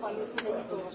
palestra de todos los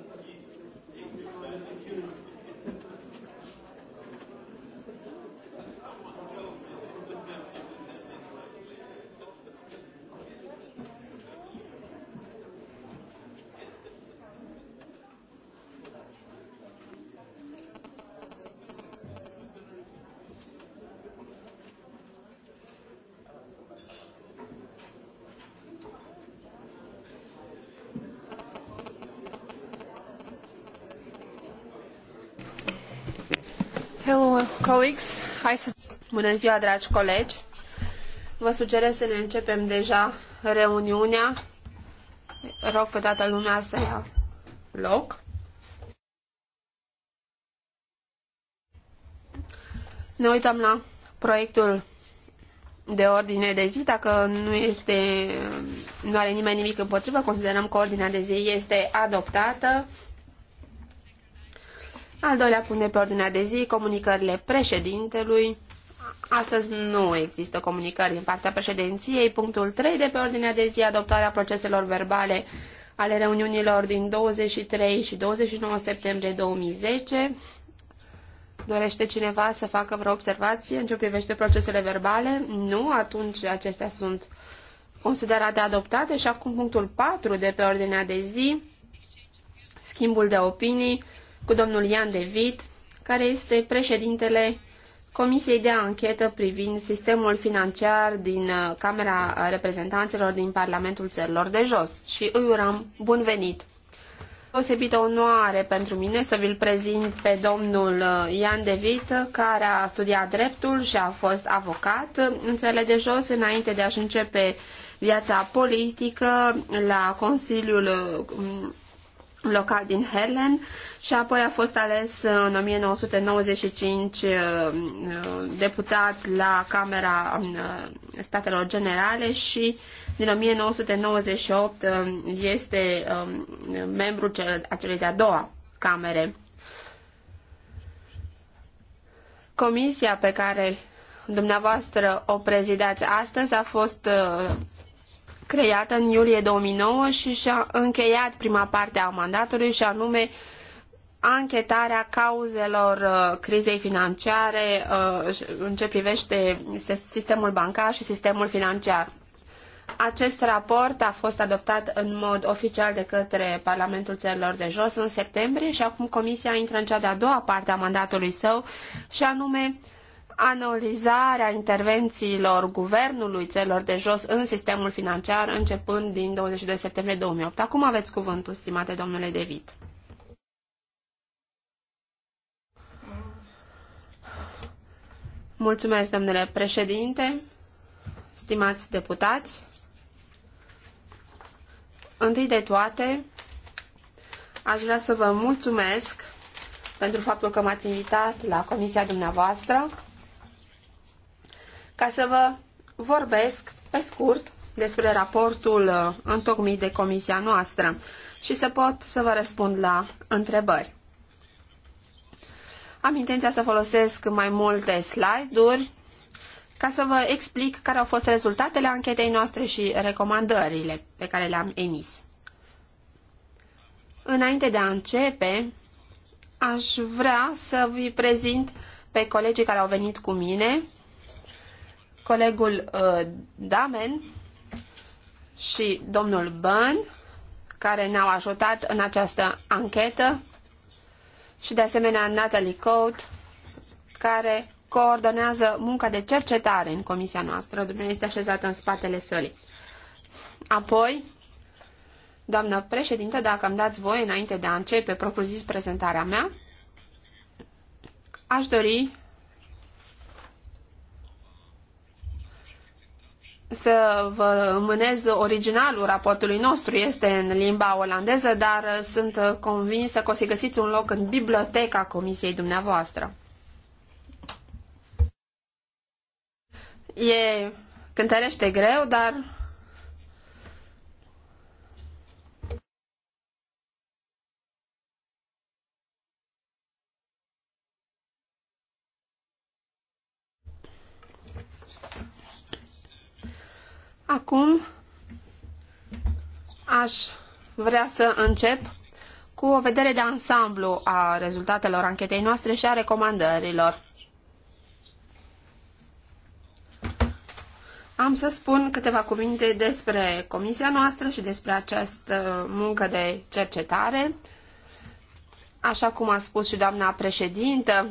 Hello, colleagues. Hai să... Bună ziua, dragi colegi. Vă sugerez să ne începem deja reuniunea. Rog pe toată lumea să ia loc. Ne uităm la proiectul de ordine de zi. Dacă nu este, nu are nimeni nimic împotrivă, considerăm că ordinea de zi este adoptată. Al doilea punct de pe ordinea de zi, comunicările președintelui. Astăzi nu există comunicări din partea președinției. Punctul 3 de pe ordinea de zi, adoptarea proceselor verbale ale reuniunilor din 23 și 29 septembrie 2010. Dorește cineva să facă vreo observație în ce privește procesele verbale? Nu, atunci acestea sunt considerate adoptate și acum punctul 4 de pe ordinea de zi, schimbul de opinii cu domnul Ian De care este președintele Comisiei de anchetă privind sistemul financiar din uh, Camera Reprezentanților din Parlamentul Țărilor de Jos și îi urăm bun venit! Osebită onoare pentru mine să vi-l prezint pe domnul uh, Ian De care a studiat dreptul și a fost avocat în Țările de Jos înainte de a-și începe viața politică la Consiliul uh, local din Herlen și apoi a fost ales în 1995 uh, uh, deputat la Camera um, uh, Statelor Generale și din 1998 um, este um, membru a celei de-a doua camere. Comisia pe care dumneavoastră o prezidați astăzi a fost creată în iulie 2009 și și-a încheiat prima parte a mandatului și anume anchetarea cauzelor uh, crizei financiare uh, în ce privește sistemul bancar și sistemul financiar. Acest raport a fost adoptat în mod oficial de către Parlamentul Țărilor de Jos în septembrie și acum Comisia intră în cea de-a doua parte a mandatului său și anume analizarea intervențiilor guvernului țelor de jos în sistemul financiar începând din 22 septembrie 2008. Acum aveți cuvântul, stimate domnule David. Mulțumesc, domnule președinte, stimați deputați. Întâi de toate, aș vrea să vă mulțumesc pentru faptul că m-ați invitat la comisia dumneavoastră ca să vă vorbesc pe scurt despre raportul uh, întocmit de comisia noastră și să pot să vă răspund la întrebări. Am intenția să folosesc mai multe slide-uri ca să vă explic care au fost rezultatele anchetei noastre și recomandările pe care le-am emis. Înainte de a începe, aș vrea să vi prezint pe colegii care au venit cu mine colegul uh, Damen și domnul Bân, care ne-au ajutat în această anchetă, și de asemenea Natalie Coat, care coordonează munca de cercetare în comisia noastră. Dumnezeu este așezată în spatele sălii. Apoi, doamnă președinte, dacă îmi dați voie înainte de a începe propriu-zis prezentarea mea, aș dori să vă mânez originalul raportului nostru, este în limba olandeză, dar sunt convinsă că o să găsiți un loc în biblioteca comisiei dumneavoastră. E cântărește greu, dar Acum aș vrea să încep cu o vedere de ansamblu a rezultatelor anchetei noastre și a recomandărilor. Am să spun câteva cuvinte despre comisia noastră și despre această muncă de cercetare. Așa cum a spus și doamna președintă,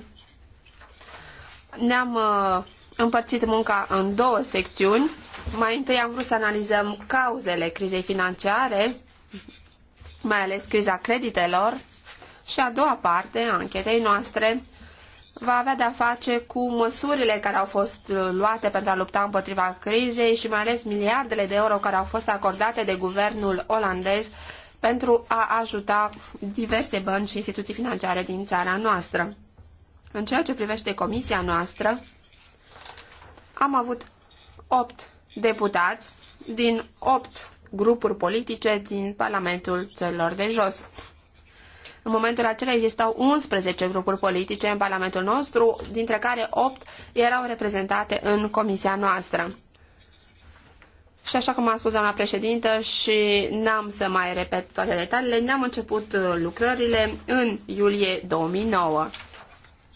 ne-am uh, împărțit munca în două secțiuni. Mai întâi am vrut să analizăm cauzele crizei financiare, mai ales criza creditelor, și a doua parte a anchetei noastre va avea de-a face cu măsurile care au fost luate pentru a lupta împotriva crizei și mai ales miliardele de euro care au fost acordate de guvernul olandez pentru a ajuta diverse bănci și instituții financiare din țara noastră. În ceea ce privește comisia noastră, am avut opt deputați din opt grupuri politice din Parlamentul țărilor de jos. În momentul acela existau 11 grupuri politice în Parlamentul nostru, dintre care 8 erau reprezentate în comisia noastră. Și așa cum a spus doamna președintă și n-am să mai repet toate detaliile, ne-am început uh, lucrările în iulie 2009.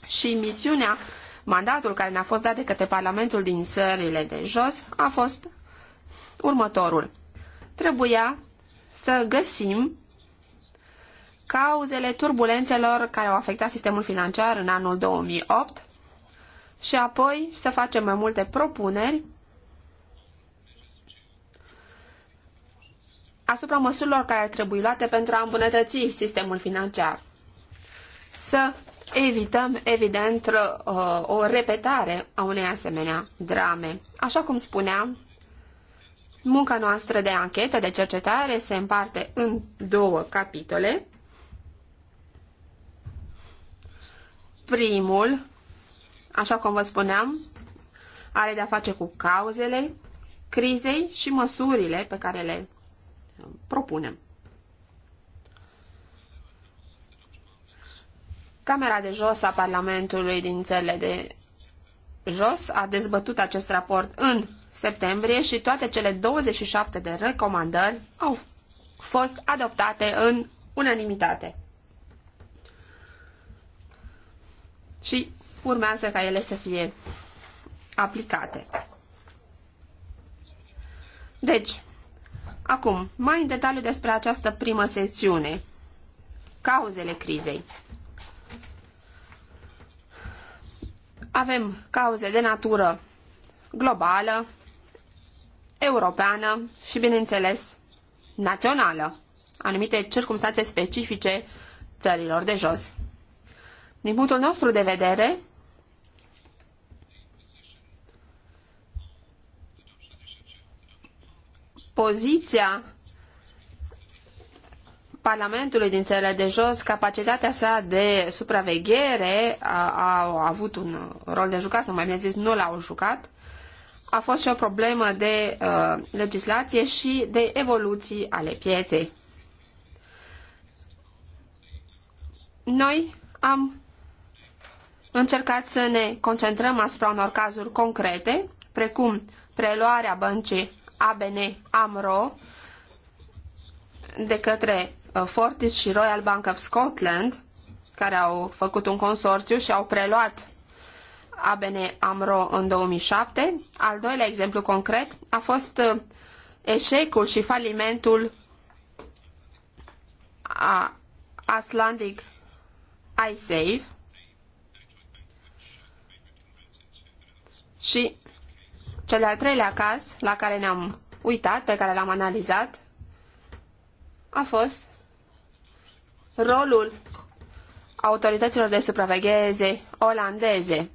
Și misiunea Mandatul care ne-a fost dat de către Parlamentul din țările de jos a fost următorul. Trebuia să găsim cauzele turbulențelor care au afectat sistemul financiar în anul 2008 și apoi să facem mai multe propuneri asupra măsurilor care ar trebui luate pentru a îmbunătăți sistemul financiar. Să evităm, evident, o repetare a unei asemenea drame. Așa cum spuneam, munca noastră de anchetă, de cercetare, se împarte în două capitole. Primul, așa cum vă spuneam, are de-a face cu cauzele crizei și măsurile pe care le um, propunem. Camera de jos a Parlamentului din țările de jos a dezbătut acest raport în septembrie și toate cele 27 de recomandări au fost adoptate în unanimitate. Și urmează ca ele să fie aplicate. Deci, acum, mai în detaliu despre această primă secțiune. Cauzele crizei. Avem cauze de natură globală, europeană și, bineînțeles, națională, anumite circunstanțe specifice țărilor de jos. Din punctul nostru de vedere, poziția Parlamentului din țările de jos, capacitatea sa de supraveghere a, a avut un rol de jucat, sau mai bine zis, nu l-au jucat. A fost și o problemă de uh, legislație și de evoluții ale pieței. Noi am încercat să ne concentrăm asupra unor cazuri concrete, precum preluarea băncii ABN AMRO de către Uh, Fortis și Royal Bank of Scotland, care au făcut un consorțiu și au preluat ABN AMRO în 2007. Al doilea exemplu concret a fost uh, eșecul și falimentul a Icelandic iSave și cel de-al treilea caz la care ne-am uitat, pe care l-am analizat, a fost rolul autorităților de supravegheze olandeze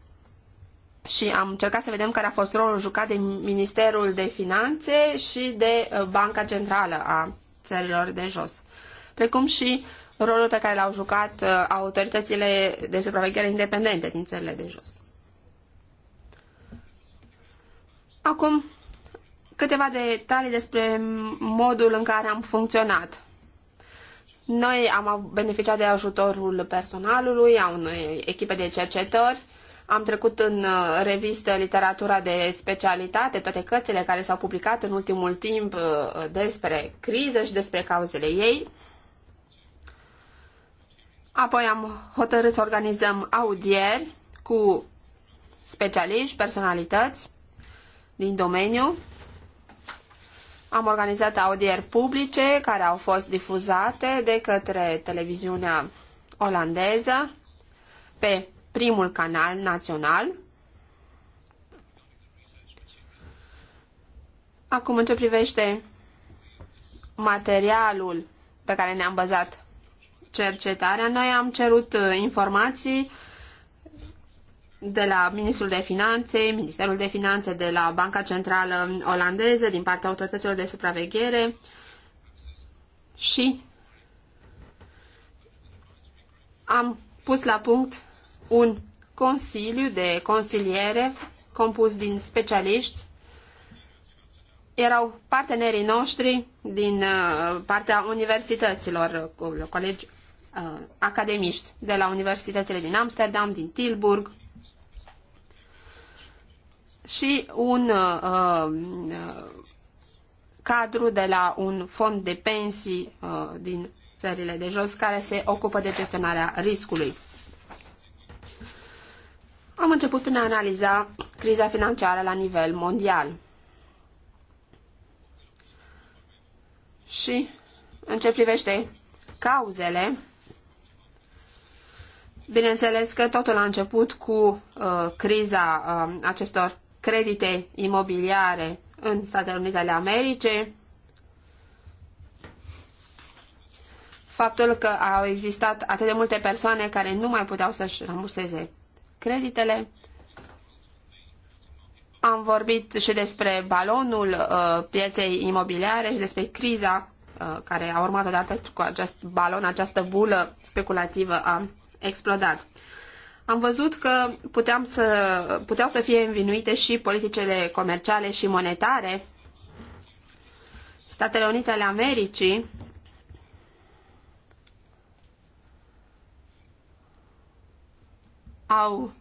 și am încercat să vedem care a fost rolul jucat de Ministerul de Finanțe și de uh, Banca Centrală a țărilor de jos, precum și rolul pe care l-au jucat uh, autoritățile de supraveghere independente din țările de jos. Acum, câteva detalii despre modul în care am funcționat. Noi am beneficiat de ajutorul personalului, a unei echipe de cercetări, am trecut în uh, revistă literatura de specialitate, toate cărțile care s-au publicat în ultimul timp uh, despre criză și despre cauzele ei. Apoi am hotărât să organizăm audieri cu specialiști, personalități din domeniu am organizat audieri publice care au fost difuzate de către televiziunea olandeză pe primul canal național. Acum, în ce privește materialul pe care ne-am bazat cercetarea, noi am cerut uh, informații de la Ministrul de Finanțe, Ministerul de Finanțe, de la Banca Centrală Olandeză, din partea autorităților de supraveghere și am pus la punct un consiliu de consiliere compus din specialiști. Erau partenerii noștri din uh, partea universităților, colegi uh, academiști de la universitățile din Amsterdam, din Tilburg, și un uh, uh, cadru de la un fond de pensii uh, din țările de jos care se ocupă de gestionarea riscului. Am început prin a analiza criza financiară la nivel mondial. Și în ce privește cauzele, bineînțeles că totul a început cu uh, criza uh, acestor credite imobiliare în Statele Unite ale Americii, faptul că au existat atât de multe persoane care nu mai puteau să-și ramburseze creditele. Am vorbit și despre balonul uh, pieței imobiliare și despre criza uh, care a urmat odată cu acest balon, această bulă speculativă a explodat am văzut că puteam să, puteau să fie învinuite și politicele comerciale și monetare. Statele Unite ale Americii au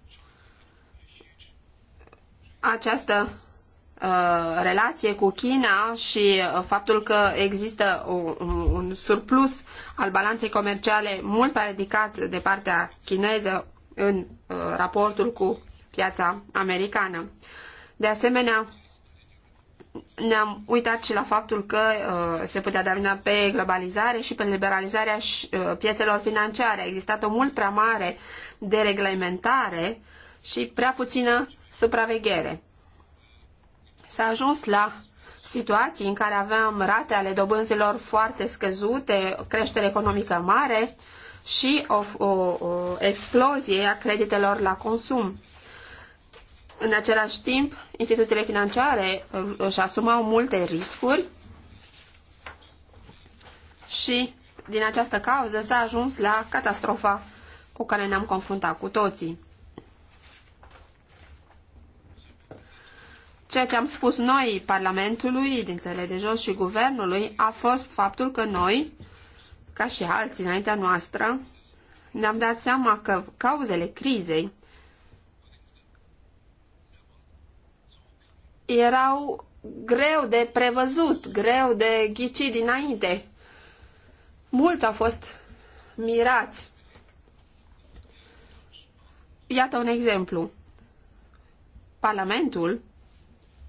această uh, relație cu China și uh, faptul că există un, un surplus al balanței comerciale mult mai ridicat de partea chineză în uh, raportul cu piața americană. De asemenea, ne-am uitat și la faptul că uh, se putea da pe globalizare și pe liberalizarea și, uh, piețelor financiare. A existat o mult prea mare dereglementare și prea puțină supraveghere. S-a ajuns la situații în care aveam rate ale dobânzilor foarte scăzute, creștere economică mare, uh, și o, o, o explozie a creditelor la consum. În același timp, instituțiile financiare um, își asumau multe riscuri și din această cauză s-a ajuns la catastrofa cu care ne-am confruntat cu toții. Ceea ce am spus noi Parlamentului din țările de jos și Guvernului a fost faptul că noi ca și alții înaintea noastră, ne-am dat seama că cauzele crizei erau greu de prevăzut, greu de ghicit dinainte. Mulți au fost mirați. Iată un exemplu. Parlamentul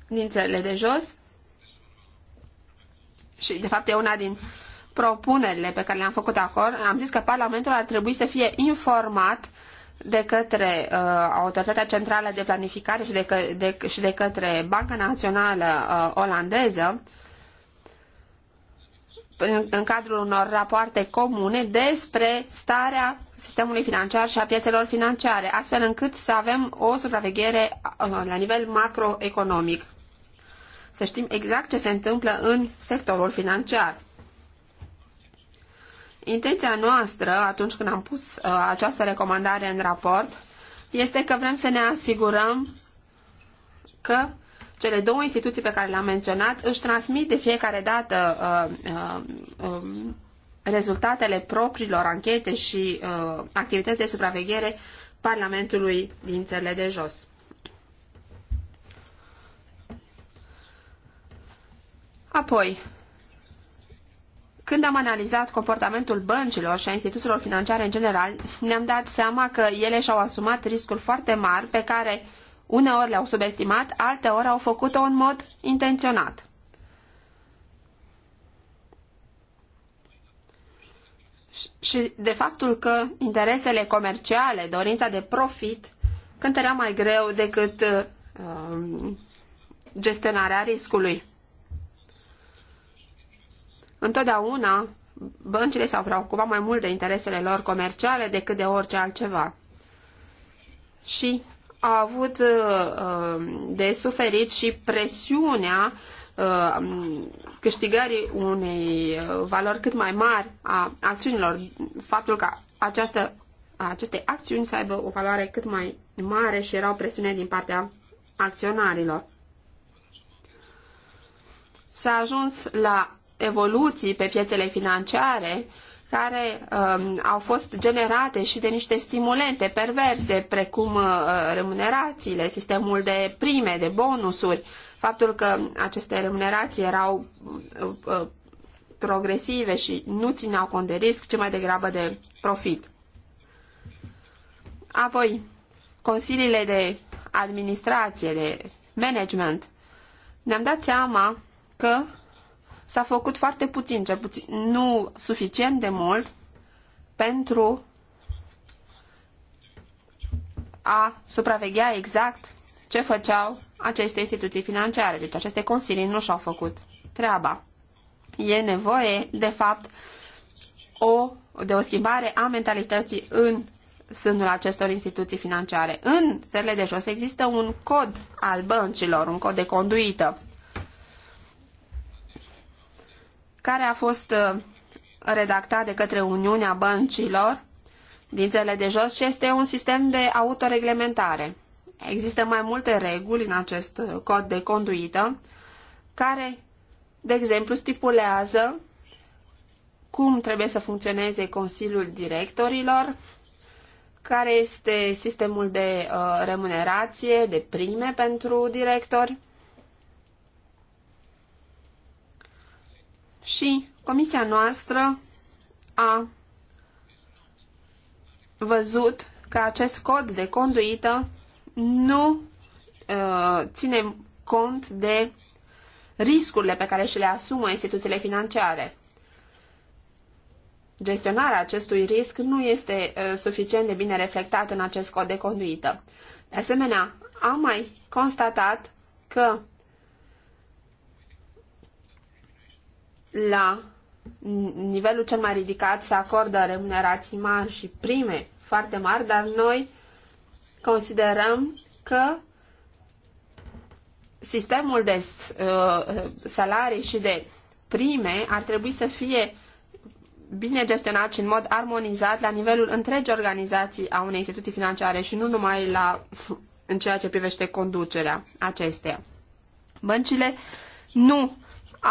din țările de jos și de fapt e una din propunerile pe care le-am făcut acolo, am zis că Parlamentul ar trebui să fie informat de către uh, Autoritatea Centrală de Planificare și de, că, de, și de către Banca Națională uh, Olandeză în, în cadrul unor rapoarte comune despre starea sistemului financiar și a piețelor financiare, astfel încât să avem o supraveghere uh, la nivel macroeconomic. Să știm exact ce se întâmplă în sectorul financiar. Intenția noastră, atunci când am pus uh, această recomandare în raport, este că vrem să ne asigurăm că cele două instituții pe care le-am menționat își transmit de fiecare dată uh, uh, uh, rezultatele propriilor anchete și uh, activități de supraveghere Parlamentului din țările de jos. Apoi, când am analizat comportamentul băncilor și a instituțiilor financiare în general, ne-am dat seama că ele și-au asumat riscuri foarte mari pe care uneori le-au subestimat, alteori au făcut-o în mod intenționat. Și de faptul că interesele comerciale, dorința de profit, cântărea mai greu decât uh, um, gestionarea riscului. Întotdeauna băncile s-au preocupat mai mult de interesele lor comerciale decât de orice altceva. Și au avut uh, um, de suferit și presiunea uh, câștigării unei uh, valori cât mai mari a acțiunilor, faptul că această, aceste acțiuni să aibă o valoare cât mai mare și erau presiune din partea acționarilor. S-a ajuns la evoluții pe piețele financiare care um, au fost generate și de niște stimulente perverse, precum uh, remunerațiile, sistemul de prime, de bonusuri, faptul că aceste remunerații erau uh, uh progresive și nu țineau cont de risc, ci mai degrabă de profit. Apoi, consiliile de administrație, de management, ne-am dat seama că S-a făcut foarte puțin, cel puțin, nu suficient de mult pentru a supraveghea exact ce făceau aceste instituții financiare. Deci aceste consilii nu și-au făcut treaba. E nevoie, de fapt, o, de o schimbare a mentalității în sânul acestor instituții financiare. În țările de jos există un cod al băncilor, un cod de conduită. care a fost uh, redactat de către Uniunea Băncilor din țele de jos și este un sistem de autoreglementare. Există mai multe reguli în acest uh, cod de conduită care, de exemplu, stipulează cum trebuie să funcționeze Consiliul Directorilor, care este sistemul de uh, remunerație, de prime pentru directori, și comisia noastră a văzut că acest cod de conduită nu uh, ține cont de riscurile pe care și le asumă instituțiile financiare. Gestionarea acestui risc nu este uh, suficient de bine reflectată în acest cod de conduită. De asemenea, am mai constatat că la nivelul cel mai ridicat se acordă remunerații mari și prime foarte mari, dar noi considerăm că sistemul de uh, salarii și de prime ar trebui să fie bine gestionat și în mod armonizat la nivelul întregii organizații a unei instituții financiare și nu numai la, în ceea ce privește conducerea acesteia. Băncile nu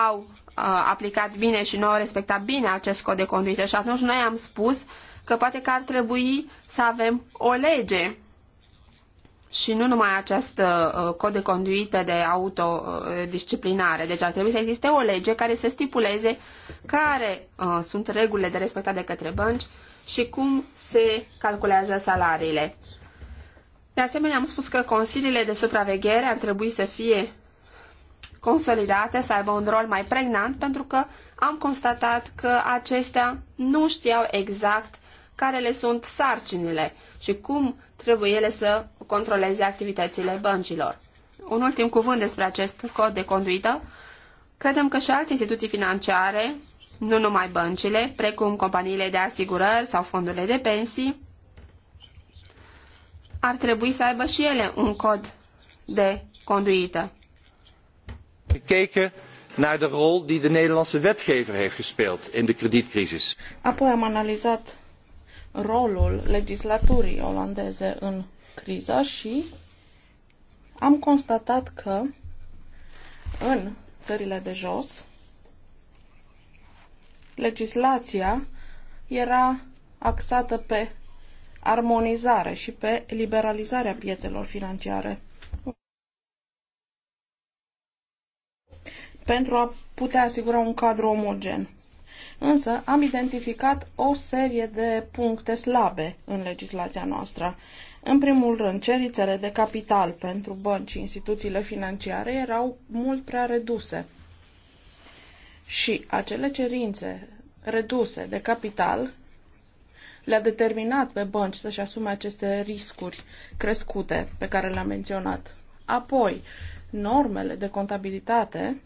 au Uh, aplicat bine și nu au respectat bine acest cod de conduită și atunci noi am spus că poate că ar trebui să avem o lege și nu numai acest uh, uh, cod de conduită de autodisciplinare. Deci ar trebui să existe o lege care să stipuleze care sunt regulile de respectat de către bănci și cum se calculează salariile. De asemenea, am spus că consiliile de supraveghere ar trebui să fie consolidate, să aibă un rol mai pregnant, pentru că am constatat că acestea nu știau exact care le sunt sarcinile și cum trebuie ele să controleze activitățile băncilor. Un ultim cuvânt despre acest cod de conduită. Credem că și alte instituții financiare, nu numai băncile, precum companiile de asigurări sau fondurile de pensii, ar trebui să aibă și ele un cod de conduită gekeken naar de rol die de Nederlandse wetgever heeft gespeeld in de kredietcrisis. Apoi am analizat rolul legislaturii olandeze în criză și am constatat că în țările de jos legislația era axată pe armonizare și pe liberalizarea piețelor financiare. pentru a putea asigura un cadru omogen. Însă am identificat o serie de puncte slabe în legislația noastră. În primul rând, cerințele de capital pentru bănci și instituțiile financiare erau mult prea reduse. Și acele cerințe reduse de capital le-a determinat pe bănci să-și asume aceste riscuri crescute pe care le-am menționat. Apoi, normele de contabilitate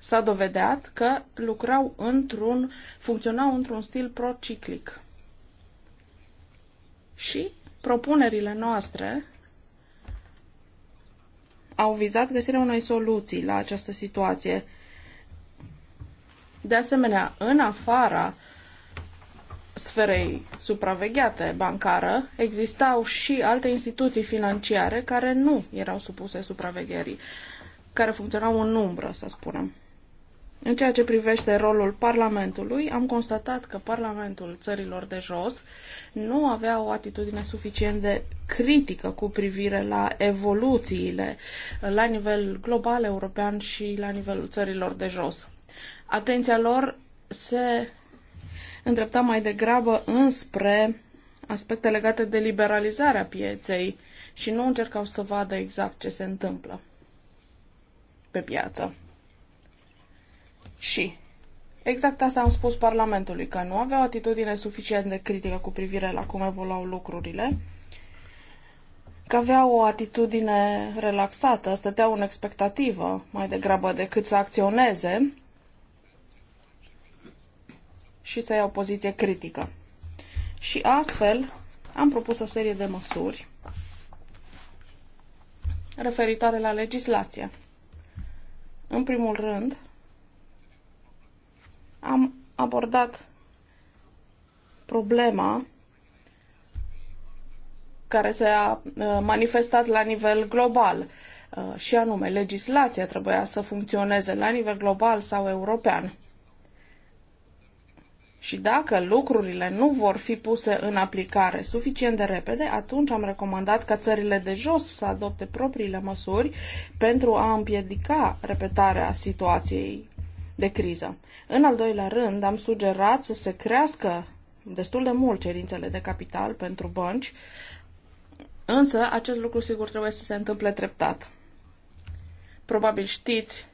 s-a dovedeat că lucrau într-un, funcționau într-un stil prociclic. Și propunerile noastre au vizat găsirea unei soluții la această situație. De asemenea, în afara sferei supravegheate bancară, existau și alte instituții financiare care nu erau supuse supravegherii, care funcționau în umbră, să spunem. În ceea ce privește rolul Parlamentului, am constatat că Parlamentul țărilor de jos nu avea o atitudine suficient de critică cu privire la evoluțiile uh, la nivel global european și la nivelul țărilor de jos. Atenția lor se îndrepta mai degrabă înspre aspecte legate de liberalizarea pieței și nu încercau să vadă exact ce se întâmplă pe piață. Și exact asta am spus Parlamentului, că nu avea o atitudine suficient de critică cu privire la cum evoluau lucrurile, că avea o atitudine relaxată, stăteau în expectativă mai degrabă decât să acționeze și să ia o poziție critică. Și astfel am propus o serie de măsuri referitoare la legislație. În primul rând, am abordat problema care s-a uh, manifestat la nivel global uh, și anume legislația trebuia să funcționeze la nivel global sau european. Și dacă lucrurile nu vor fi puse în aplicare suficient de repede, atunci am recomandat ca țările de jos să adopte propriile măsuri pentru a împiedica repetarea situației de criză. În al doilea rând, am sugerat să se crească destul de mult cerințele de capital pentru bănci, însă acest lucru sigur trebuie să se întâmple treptat. Probabil știți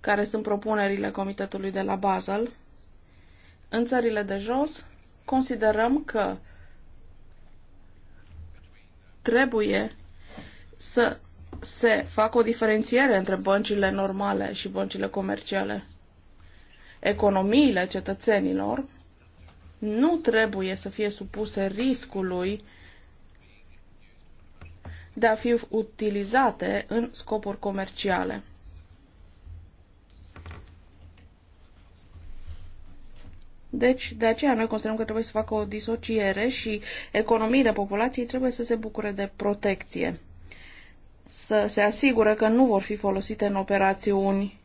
care sunt propunerile Comitetului de la Basel. În țările de jos, considerăm că trebuie să se facă o diferențiere între băncile normale și băncile comerciale. Economiile cetățenilor nu trebuie să fie supuse riscului de a fi utilizate în scopuri comerciale. Deci, de aceea noi considerăm că trebuie să facă o disociere și economiile populației trebuie să se bucure de protecție să se asigure că nu vor fi folosite în operațiuni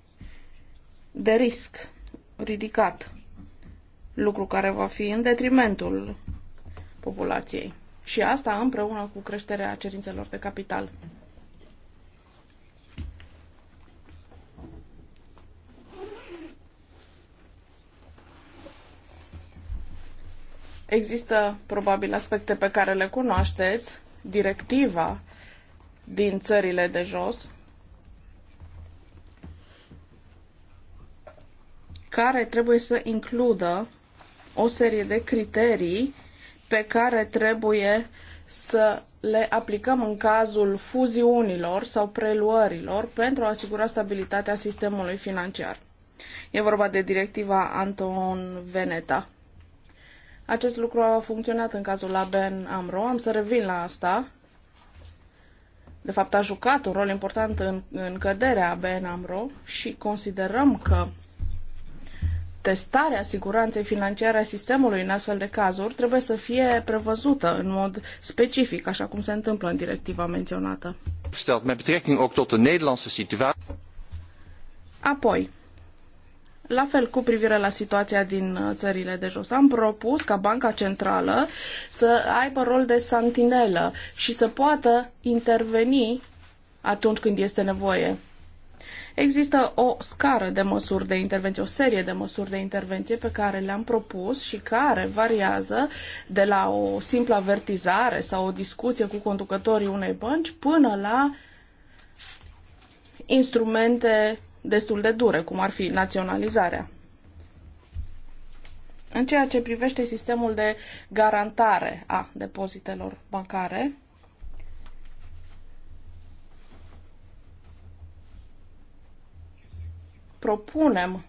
de risc ridicat, lucru care va fi în detrimentul populației. Și asta împreună cu creșterea cerințelor de capital. Există probabil aspecte pe care le cunoașteți. Directiva din țările de jos, care trebuie să includă o serie de criterii pe care trebuie să le aplicăm în cazul fuziunilor sau preluărilor pentru a asigura stabilitatea sistemului financiar. E vorba de directiva Anton Veneta. Acest lucru a funcționat în cazul ABN Amro, am să revin la asta, de fapt a jucat un rol important în, în căderea BN AMRO și considerăm că testarea siguranței financiare a sistemului în astfel de cazuri trebuie să fie prevăzută în mod specific, așa cum se întâmplă în directiva menționată. Apoi, la fel cu privire la situația din uh, țările de jos. Am propus ca Banca Centrală să aibă rol de santinelă și să poată interveni atunci când este nevoie. Există o scară de măsuri de intervenție, o serie de măsuri de intervenție pe care le-am propus și care variază de la o simplă avertizare sau o discuție cu conducătorii unei bănci până la instrumente destul de dure, cum ar fi naționalizarea. În ceea ce privește sistemul de garantare a depozitelor bancare, propunem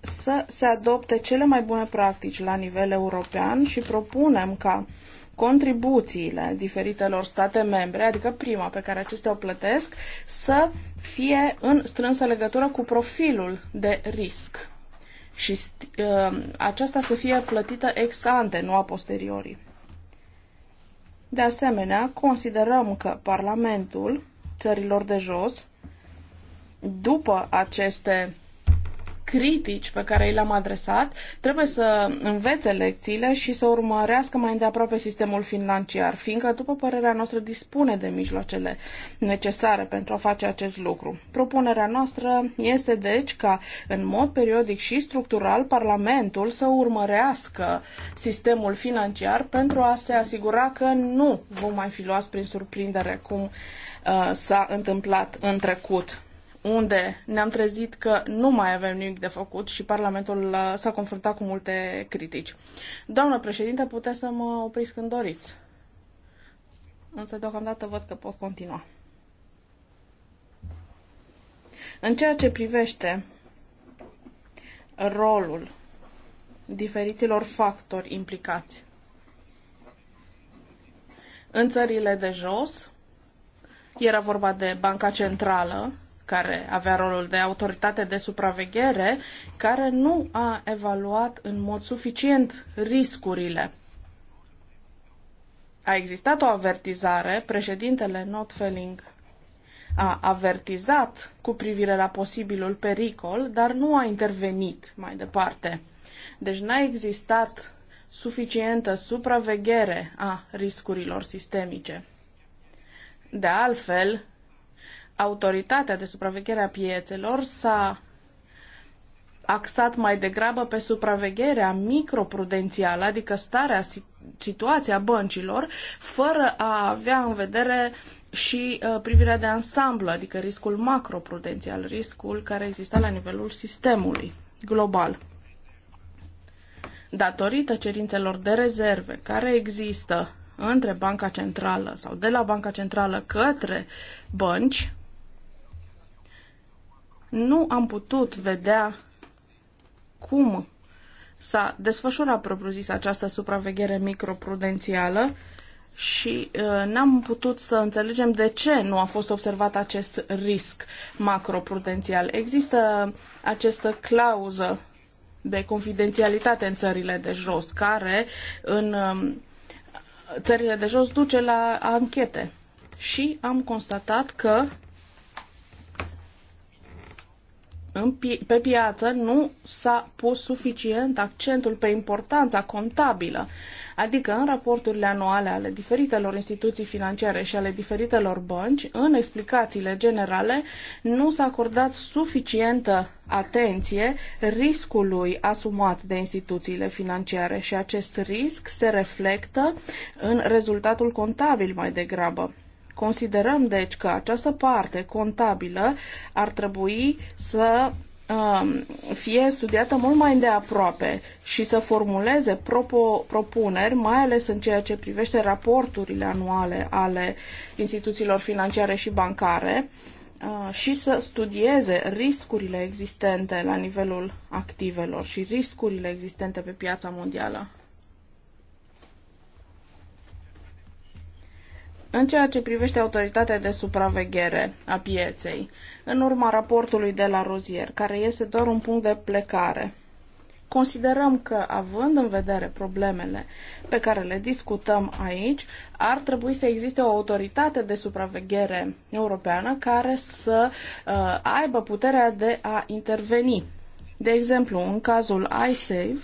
să se adopte cele mai bune practici la nivel european și propunem ca uh, contribuțiile diferitelor state membre, adică prima pe care acestea o plătesc, să fie în strânsă legătură cu profilul de risc și uh, aceasta să fie plătită ex ante, nu a posteriori. De asemenea, considerăm că Parlamentul țărilor de jos, după aceste critici pe care i le-am adresat, trebuie să învețe lecțiile și să urmărească mai îndeaproape sistemul financiar, fiindcă, după părerea noastră, dispune de mijloacele necesare pentru a face acest lucru. Propunerea noastră este, deci, ca în mod periodic și structural Parlamentul să urmărească sistemul financiar pentru a se asigura că nu vom mai fi luați prin surprindere cum uh, s-a întâmplat în trecut unde ne-am trezit că nu mai avem nimic de făcut și Parlamentul uh, s-a confruntat cu multe critici. Doamnă președinte, puteți să mă opriți când doriți. Însă deocamdată văd că pot continua. În ceea ce privește rolul diferiților factori implicați în țările de jos, era vorba de Banca Centrală, care avea rolul de autoritate de supraveghere, care nu a evaluat în mod suficient riscurile. A existat o avertizare, președintele Notfelling a avertizat cu privire la posibilul pericol, dar nu a intervenit mai departe. Deci n-a existat suficientă supraveghere a riscurilor sistemice. De altfel, autoritatea de supraveghere a piețelor s-a axat mai degrabă pe supravegherea microprudențială, adică starea, situația băncilor, fără a avea în vedere și uh, privirea de ansamblu, adică riscul macroprudențial, riscul care exista la nivelul sistemului global. Datorită cerințelor de rezerve care există între Banca Centrală sau de la Banca Centrală către bănci, nu am putut vedea cum s-a desfășurat propriu-zis această supraveghere microprudențială și uh, n-am putut să înțelegem de ce nu a fost observat acest risc macroprudențial. Există această clauză de confidențialitate în țările de jos, care în uh, țările de jos duce la anchete. Și am constatat că pe piață nu s-a pus suficient accentul pe importanța contabilă, adică în raporturile anuale ale diferitelor instituții financiare și ale diferitelor bănci, în explicațiile generale, nu s-a acordat suficientă atenție riscului asumat de instituțiile financiare și acest risc se reflectă în rezultatul contabil mai degrabă. Considerăm, deci, că această parte contabilă ar trebui să um, fie studiată mult mai îndeaproape și să formuleze propo, propuneri, mai ales în ceea ce privește raporturile anuale ale instituțiilor financiare și bancare uh, și să studieze riscurile existente la nivelul activelor și riscurile existente pe piața mondială. În ceea ce privește autoritatea de supraveghere a pieței, în urma raportului de la Rozier, care este doar un punct de plecare, considerăm că, având în vedere problemele pe care le discutăm aici, ar trebui să existe o autoritate de supraveghere europeană care să uh, aibă puterea de a interveni. De exemplu, în cazul iSave,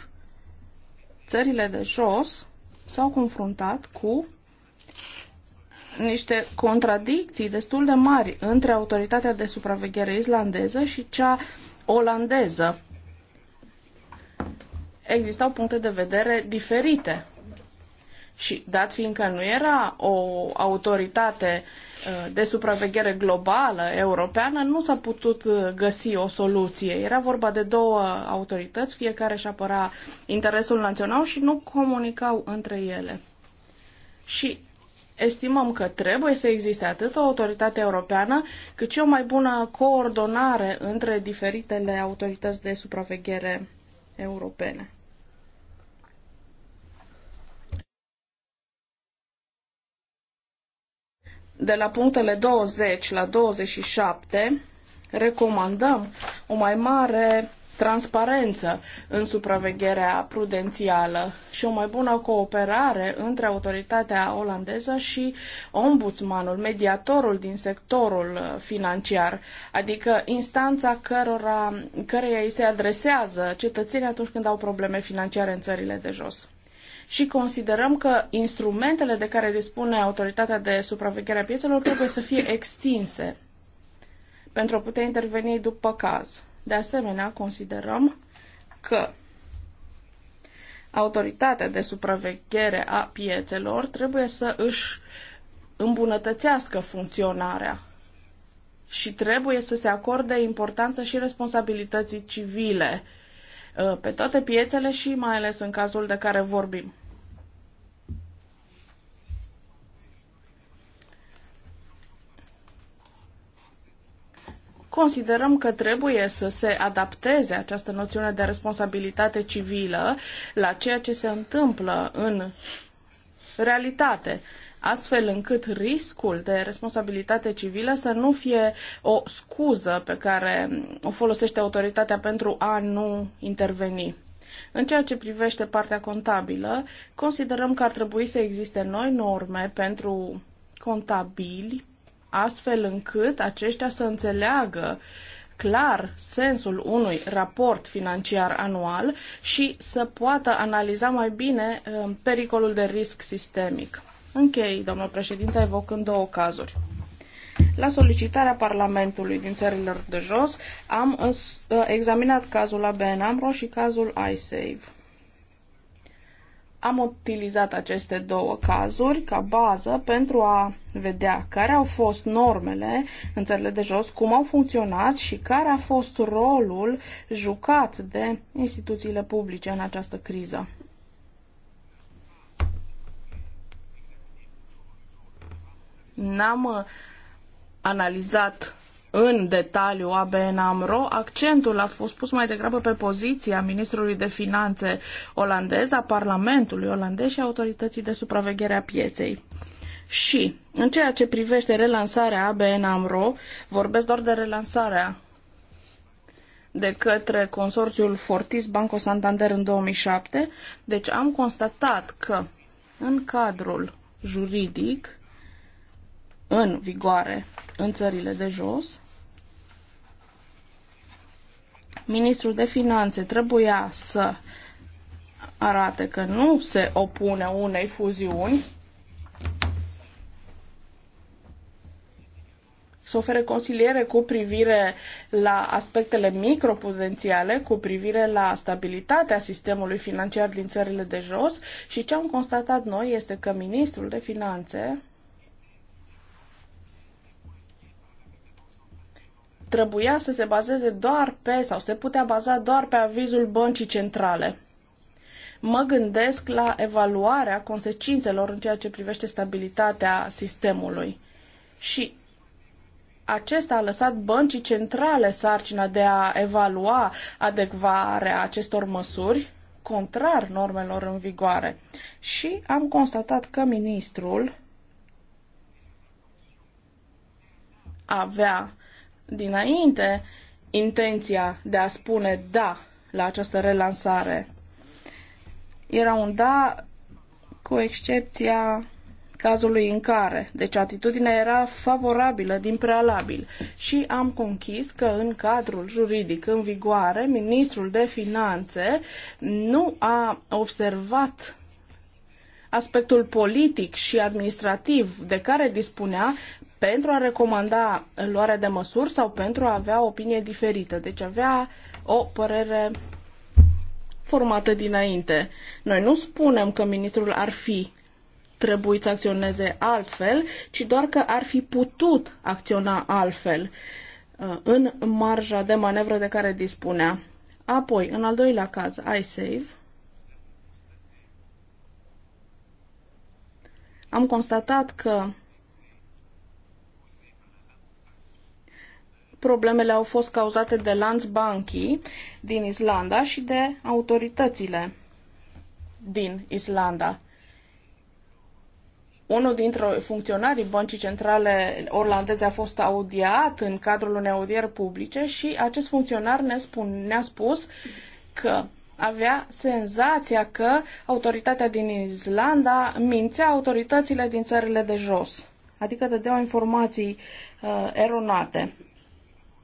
țările de jos s-au confruntat cu niște contradicții destul de mari între autoritatea de supraveghere islandeză și cea olandeză. Existau puncte de vedere diferite. Și dat fiindcă nu era o autoritate uh, de supraveghere globală europeană, nu s-a putut uh, găsi o soluție. Era vorba de două autorități, fiecare își apăra interesul național și nu comunicau între ele. Și estimăm că trebuie să existe atât o autoritate europeană, cât și o mai bună coordonare între diferitele autorități de supraveghere europene. De la punctele 20 la 27 recomandăm o mai mare transparență în supravegherea prudențială și o mai bună cooperare între autoritatea olandeză și ombudsmanul, mediatorul din sectorul uh, financiar, adică instanța cărora, căreia îi se adresează cetățenii atunci când au probleme financiare în țările de jos și considerăm că instrumentele de care dispune autoritatea de supraveghere a piețelor trebuie să fie extinse pentru a putea interveni după caz. De asemenea, considerăm că autoritatea de supraveghere a piețelor trebuie să își îmbunătățească funcționarea și trebuie să se acorde importanță și responsabilității civile uh, pe toate piețele și mai ales în cazul de care vorbim. considerăm că trebuie să se adapteze această noțiune de responsabilitate civilă la ceea ce se întâmplă în realitate astfel încât riscul de responsabilitate civilă să nu fie o scuză pe care o folosește autoritatea pentru a nu interveni. În ceea ce privește partea contabilă, considerăm că ar trebui să existe noi norme pentru contabili astfel încât aceștia să înțeleagă clar sensul unui raport financiar anual și să poată analiza mai bine uh, pericolul de risc sistemic. Închei, domnul președinte, evocând două cazuri. La solicitarea Parlamentului din țărilor de jos, am uh, examinat cazul ABN AMRO și cazul iSave. Am utilizat aceste două cazuri ca bază pentru a vedea care au fost normele în țările de jos, cum au funcționat și care a fost rolul jucat de instituțiile publice în această criză. N-am uh, analizat în detaliu ABN AMRO, accentul a fost pus mai degrabă pe poziția ministrului de finanțe olandez, a Parlamentului olandez și a autorității de supraveghere a pieței. Și, în ceea ce privește relansarea ABN AMRO, vorbesc doar de relansarea de către consorțiul Fortis Banco Santander în 2007. Deci am constatat că în cadrul juridic în vigoare în țările de jos, ministrul de finanțe trebuia să arate că nu se opune unei fuziuni, să ofere consiliere cu privire la aspectele microprudențiale, cu privire la stabilitatea sistemului financiar din țările de jos și ce am constatat noi este că ministrul de finanțe trebuia să se bazeze doar pe sau se putea baza doar pe avizul băncii centrale. Mă gândesc la evaluarea consecințelor în ceea ce privește stabilitatea sistemului. Și acesta a lăsat băncii centrale sarcina de a evalua adecvarea acestor măsuri, contrar normelor în vigoare. Și am constatat că ministrul avea dinainte intenția de a spune da la această relansare. Era un da cu excepția cazului în care, deci atitudinea era favorabilă din prealabil și am conchis că în cadrul juridic în vigoare, ministrul de finanțe nu a observat aspectul politic și administrativ de care dispunea pentru a recomanda luarea de măsuri sau pentru a avea o opinie diferită. Deci avea o părere formată dinainte. Noi nu spunem că ministrul ar fi trebuit să acționeze altfel, ci doar că ar fi putut acționa altfel uh, în marja de manevră de care dispunea. Apoi, în al doilea caz, save. am constatat că Problemele au fost cauzate de Landsbanki din Islanda și de autoritățile din Islanda. Unul dintre funcționarii Băncii Centrale Orlandeze a fost audiat în cadrul unei audieri publice și acest funcționar ne spun, ne-a spus că avea senzația că autoritatea din Islanda mințea autoritățile din țările de jos, adică dădeau informații uh, eronate.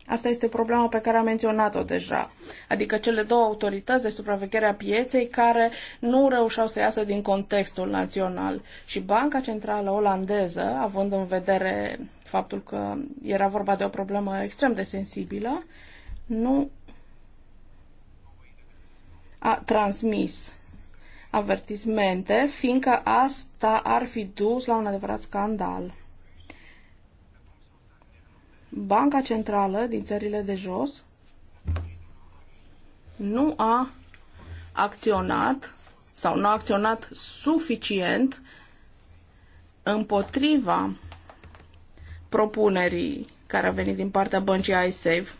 Asta este problema pe care am menționat-o deja, adică cele două autorități de supraveghere a pieței care nu reușeau să iasă din contextul național. Și Banca Centrală Olandeză, având în vedere faptul că era vorba de o problemă extrem de sensibilă, nu a transmis avertismente, fiindcă asta ar fi dus la un adevărat scandal. Banca Centrală din țările de jos nu a acționat sau nu a acționat suficient împotriva propunerii care a venit din partea băncii iSafe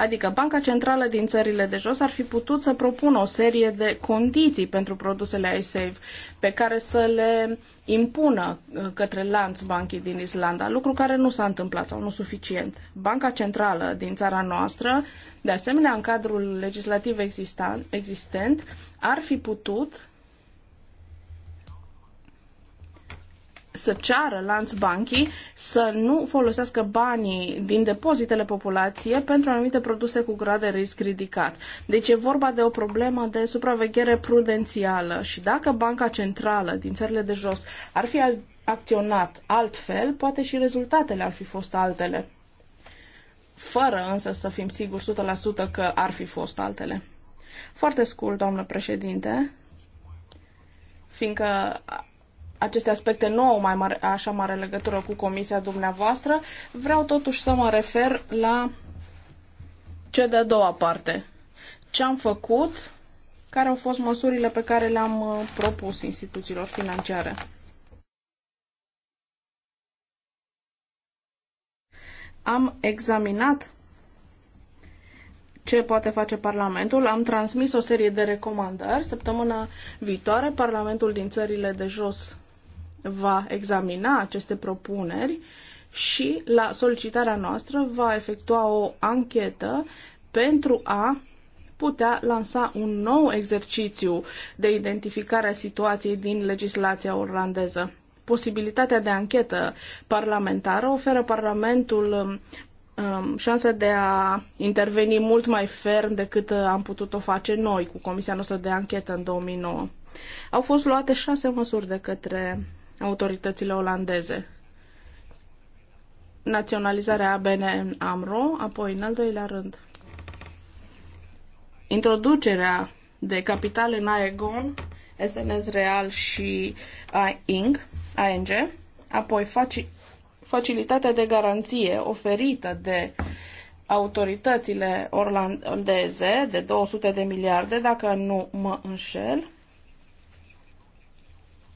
Adică Banca Centrală din țările de jos ar fi putut să propună o serie de condiții pentru produsele iSafe pe care să le impună uh, către lanț banchii din Islanda, lucru care nu s-a întâmplat sau nu suficient. Banca Centrală din țara noastră, de asemenea, în cadrul legislativ existent, ar fi putut să ceară lanț banchii să nu folosească banii din depozitele populației pentru anumite produse cu grad de risc ridicat. Deci e vorba de o problemă de supraveghere prudențială și dacă Banca Centrală din țările de jos ar fi acționat altfel, poate și rezultatele ar fi fost altele. Fără însă să fim siguri 100% că ar fi fost altele. Foarte scurt, doamnă președinte, fiindcă aceste aspecte nu au mai mare, așa mare legătură cu comisia dumneavoastră, vreau totuși să mă refer la cea de-a doua parte. Ce am făcut, care au fost măsurile pe care le-am uh, propus instituțiilor financiare. Am examinat ce poate face Parlamentul. Am transmis o serie de recomandări. Săptămâna viitoare, Parlamentul din țările de jos va examina aceste propuneri și, la solicitarea noastră, va efectua o anchetă pentru a putea lansa un nou exercițiu de identificare a situației din legislația orlandeză. Posibilitatea de anchetă parlamentară oferă Parlamentul um, um, șansa de a interveni mult mai ferm decât am putut-o face noi cu Comisia noastră de anchetă în 2009. Au fost luate șase măsuri de către autoritățile olandeze. Naționalizarea ABN AMRO, apoi în al doilea rând. Introducerea de capital în AEGON, SNS Real și AING, ANG, apoi faci, facilitatea de garanție oferită de autoritățile orlandeze de 200 de miliarde, dacă nu mă înșel,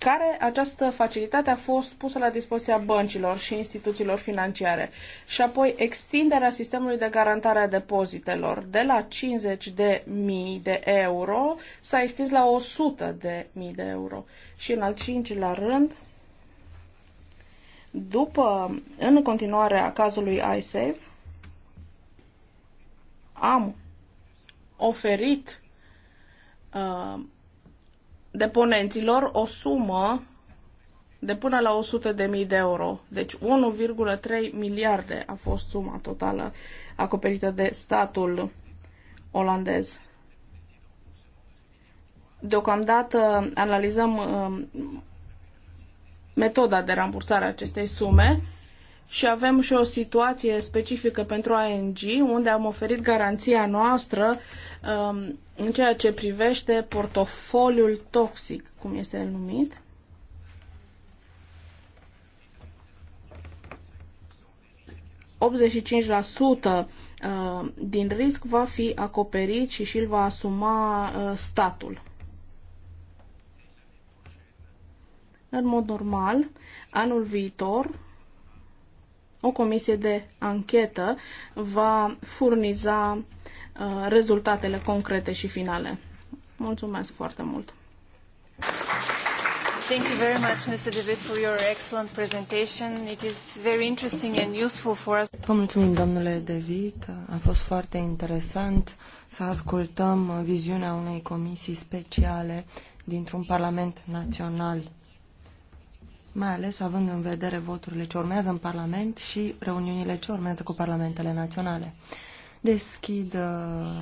care această facilitate a fost pusă la dispoziția băncilor și instituțiilor financiare. Și apoi extinderea sistemului de garantare a depozitelor de la 50 de mii de euro s-a extins la 100 de mii de euro. Și în al cincilea rând, după, în a cazului iSafe, am oferit uh, deponenților o sumă de până la 100.000 de euro. Deci 1,3 miliarde a fost suma totală acoperită de statul olandez. Deocamdată analizăm um, metoda de rambursare a acestei sume și avem și o situație specifică pentru ANG, unde am oferit garanția noastră um, în ceea ce privește portofoliul toxic, cum este el numit. ...85% uh, din risc va fi acoperit și și-l va asuma uh, statul. În mod normal, anul viitor, o comisie de anchetă va furniza uh, rezultatele concrete și finale. Mulțumesc foarte mult! Thank you very much, Mr. David, for your excellent presentation. It is very interesting and useful for us. Vă mulțumim, domnule David. A fost foarte interesant să ascultăm viziunea unei comisii speciale dintr-un parlament național mai ales având în vedere voturile ce urmează în Parlament și reuniunile ce urmează cu Parlamentele Naționale. Deschid uh,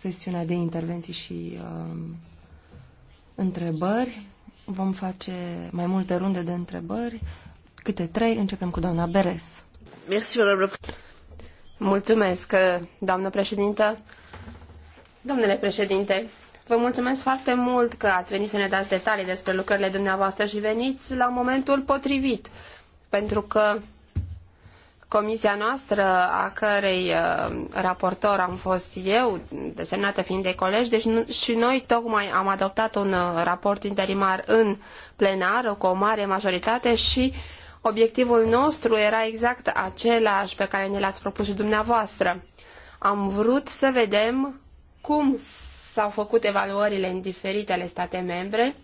sesiunea de intervenții și uh, întrebări. Vom face mai multe runde de întrebări, câte trei. Începem cu doamna Beres. Mulțumesc, doamnă președintă. Domnule președinte, Vă mulțumesc foarte mult că ați venit să ne dați detalii despre lucrările dumneavoastră și veniți la momentul potrivit, pentru că comisia noastră, a cărei uh, raportor am fost eu, desemnată fiind de colegi, deci și noi tocmai am adoptat un uh, raport interimar în plenar cu o mare majoritate și obiectivul nostru era exact același pe care ne l-ați propus și dumneavoastră. Am vrut să vedem cum s-au făcut evaluările în diferitele state membre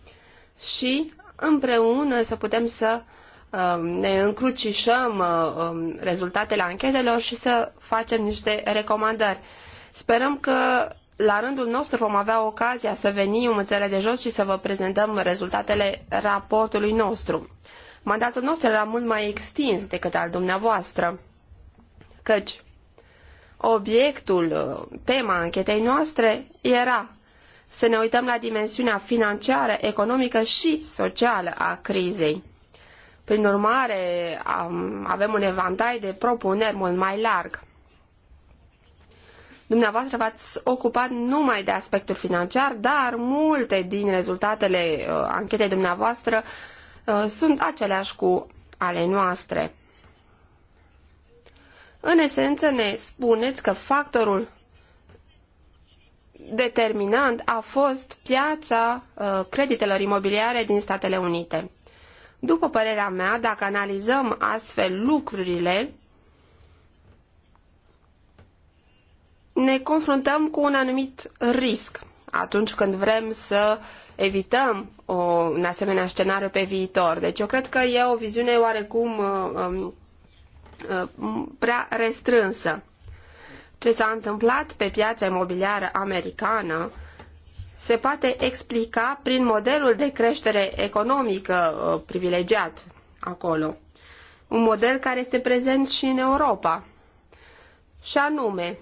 și împreună să putem să um, ne încrucișăm um, rezultatele anchetelor și să facem niște recomandări. Sperăm că la rândul nostru vom avea ocazia să venim în țele de jos și să vă prezentăm rezultatele raportului nostru. Mandatul nostru era mult mai extins decât al dumneavoastră, căci obiectul, uh, tema anchetei noastre era să ne uităm la dimensiunea financiară, economică și socială a crizei. Prin urmare, am, avem un evantai de propuneri mult mai larg. Dumneavoastră v-ați ocupat numai de aspectul financiar, dar multe din rezultatele uh, anchetei dumneavoastră uh, sunt aceleași cu ale noastre. În esență ne spuneți că factorul determinant a fost piața uh, creditelor imobiliare din Statele Unite. După părerea mea, dacă analizăm astfel lucrurile, ne confruntăm cu un anumit risc atunci când vrem să evităm o, un asemenea scenariu pe viitor. Deci eu cred că e o viziune oarecum uh, um, Uh, prea restrânsă. Ce s-a întâmplat pe piața imobiliară americană se poate explica prin modelul de creștere economică uh, privilegiat acolo. Un model care este prezent și în Europa. Și anume,